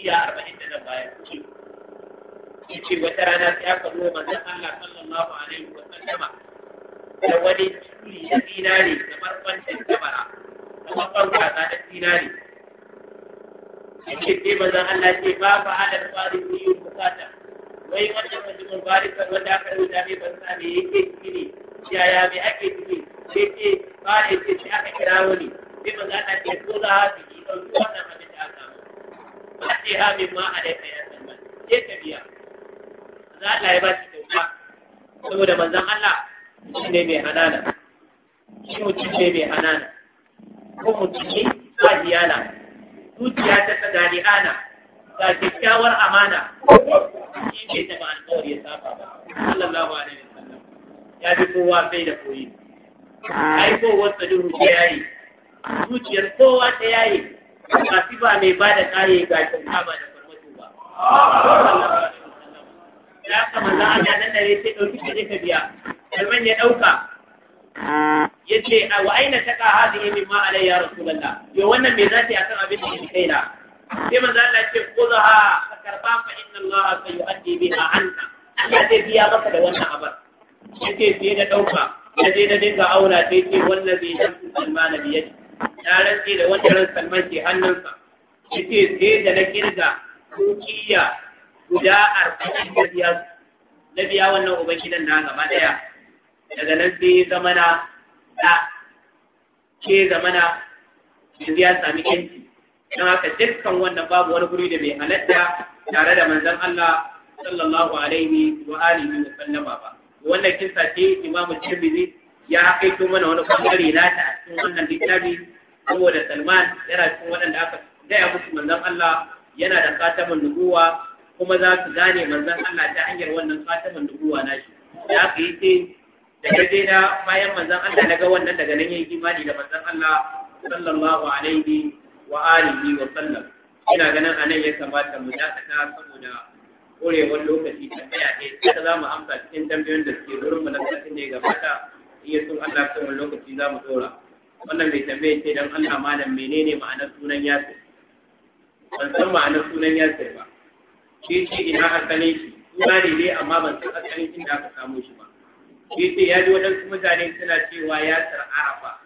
iya arba'in da nan bayan shi yace wata rana sai aka zo manzon Allah sallallahu alaihi wa sallama da wani tuli na zinare kamar kwancin kamara da kwanta ta da zinare yake ce zan Allah ce ba fa alar fari ne yin bukata wai wannan mutumin bari kan wanda aka yi ne ban sa ne yake gini yaya me ake gini sai ce ba ne ce ce aka kira wani sai bazan Allah ce ko za a fi yi don wannan abin da aka ba ce ha min ma a daika ya san ba sai ka biya za a ya ba shi kyauta saboda manzon Allah ne mai hanana shi mutum ne mai hanana ko mutum ne ba diyana zuciya ta tsaga ana ga kyakkyawar amana shi ne taɓa alƙawari ya saba ba sallallahu alaihi sallam, ya fi kowa bai da koyi aikowarsa duhu ta yayi zuciyar kowa ta yayi masu ba mai ba da kare ga kyauta ba da farmato ba ya kama za a ga nan da ya ce ɗauki ka je ka biya Salman ya ɗauka ah. ya ce wa aina taqa hadhihi mimma alai ya lalla. yo wannan me a kan abin da yake na sai manzo Allah ya ce khudha ka karba fa inna Allah sayu'addi a anka Allah ce biya maka da wannan abar Ya ce sai da ɗauka ya ce da dinga aura sai ce wallazi nafsu Salman bi yadi na rantsi da wannan ran Salman ke hannunsa Ya ce sai da na kirga dukiya guda arba'in da biya na biya wannan ubangidan na gaba daya daga nan sai ya zama na da ke zama na yanzu ya sami yanci don haka dukkan wannan babu wani guri da bai halatta tare da Manzan Allah sallallahu alaihi wa alihi wa sallama ba wannan kisa ce Imam Tirmidhi ya kaito mana wani bangare na ta a cikin wannan littafi saboda Salman yana cikin waɗanda aka gaya musu manzon Allah yana da katamin nubuwa kuma za su gane manzon Allah ta hanyar wannan katamin nubuwa nashi ya aka yi da dai na bayan manzon Allah na ga wannan daga nan yayi imani da manzon Allah sallallahu alaihi wa alihi wa sallam ina ganin anan ya kamata mu dakata saboda korewar lokaci ta tsaya ne sai za mu amsa cikin tambayoyin da suke wurin mu na sakin ne ya gabata iya sun Allah kan wani lokaci za mu dora wannan mai tambaye ce dan Allah malam menene ma'anar sunan yasir ban san ma'anar sunan yasir ba shi shi ina asalin shi suna ne amma ban san asalin inda aka samo shi ba yace ya ji waɗansu mutane suna cewa ya yasir arafa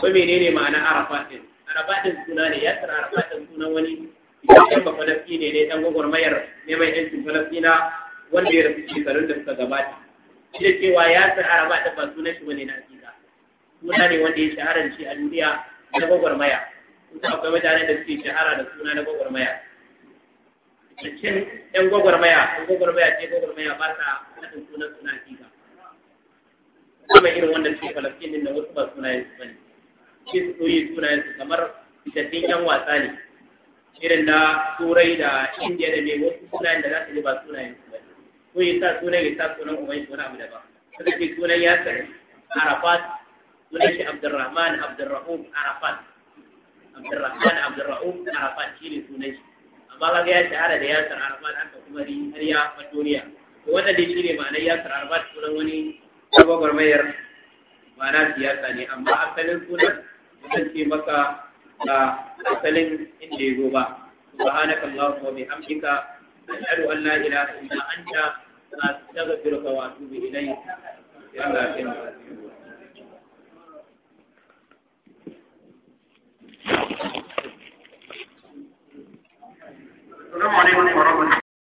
ko menene ma'ana arafa din arafa din suna ne yasir arafa din sunan wani ɗan ba falastine ne ɗan gwagwarmayar neman yancin falastina wanda ya rufe shekarun da suka gabata shi da cewa yasir arafa din ba suna shi wani na hakika suna ne wanda ya shahara da shi a duniya na gwagwarmaya kuma akwai mutane da suke shahara da suna na gwagwarmaya cikin 'yan gwagwarmaya ko gwagwarmaya ce gwagwarmaya ba ta haɗin sunan suna hakika kuma irin wanda suke falafin din da wasu ba sunayen su bane shi su koyi sunayen su kamar fitattun yan wasa ne irin na turai da indiya da mai wasu sunayen da za su yi ba sunayen su bane ko ya sa sunan ya sa sunan umar shi wani abu daban suka ce sunan ya sa arafat sunan shi abdurrahman abdurrahuf arafat abdurrahman abdurrahuf arafat shi ne sunan shi amma kaga ya shahara da yasir arafat aka kuma ri har ya fatoriya wannan dai ne ma'anar yasir arafat sunan wani ta ba na siyasa ne amma asalin sunan zan ce maka da asalin inda ya ba subhanaka allahumma wa bihamdika ashhadu an la ilaha illa anta astaghfiruka wa atubu ilayk ya السلام عليكم ورحمة الله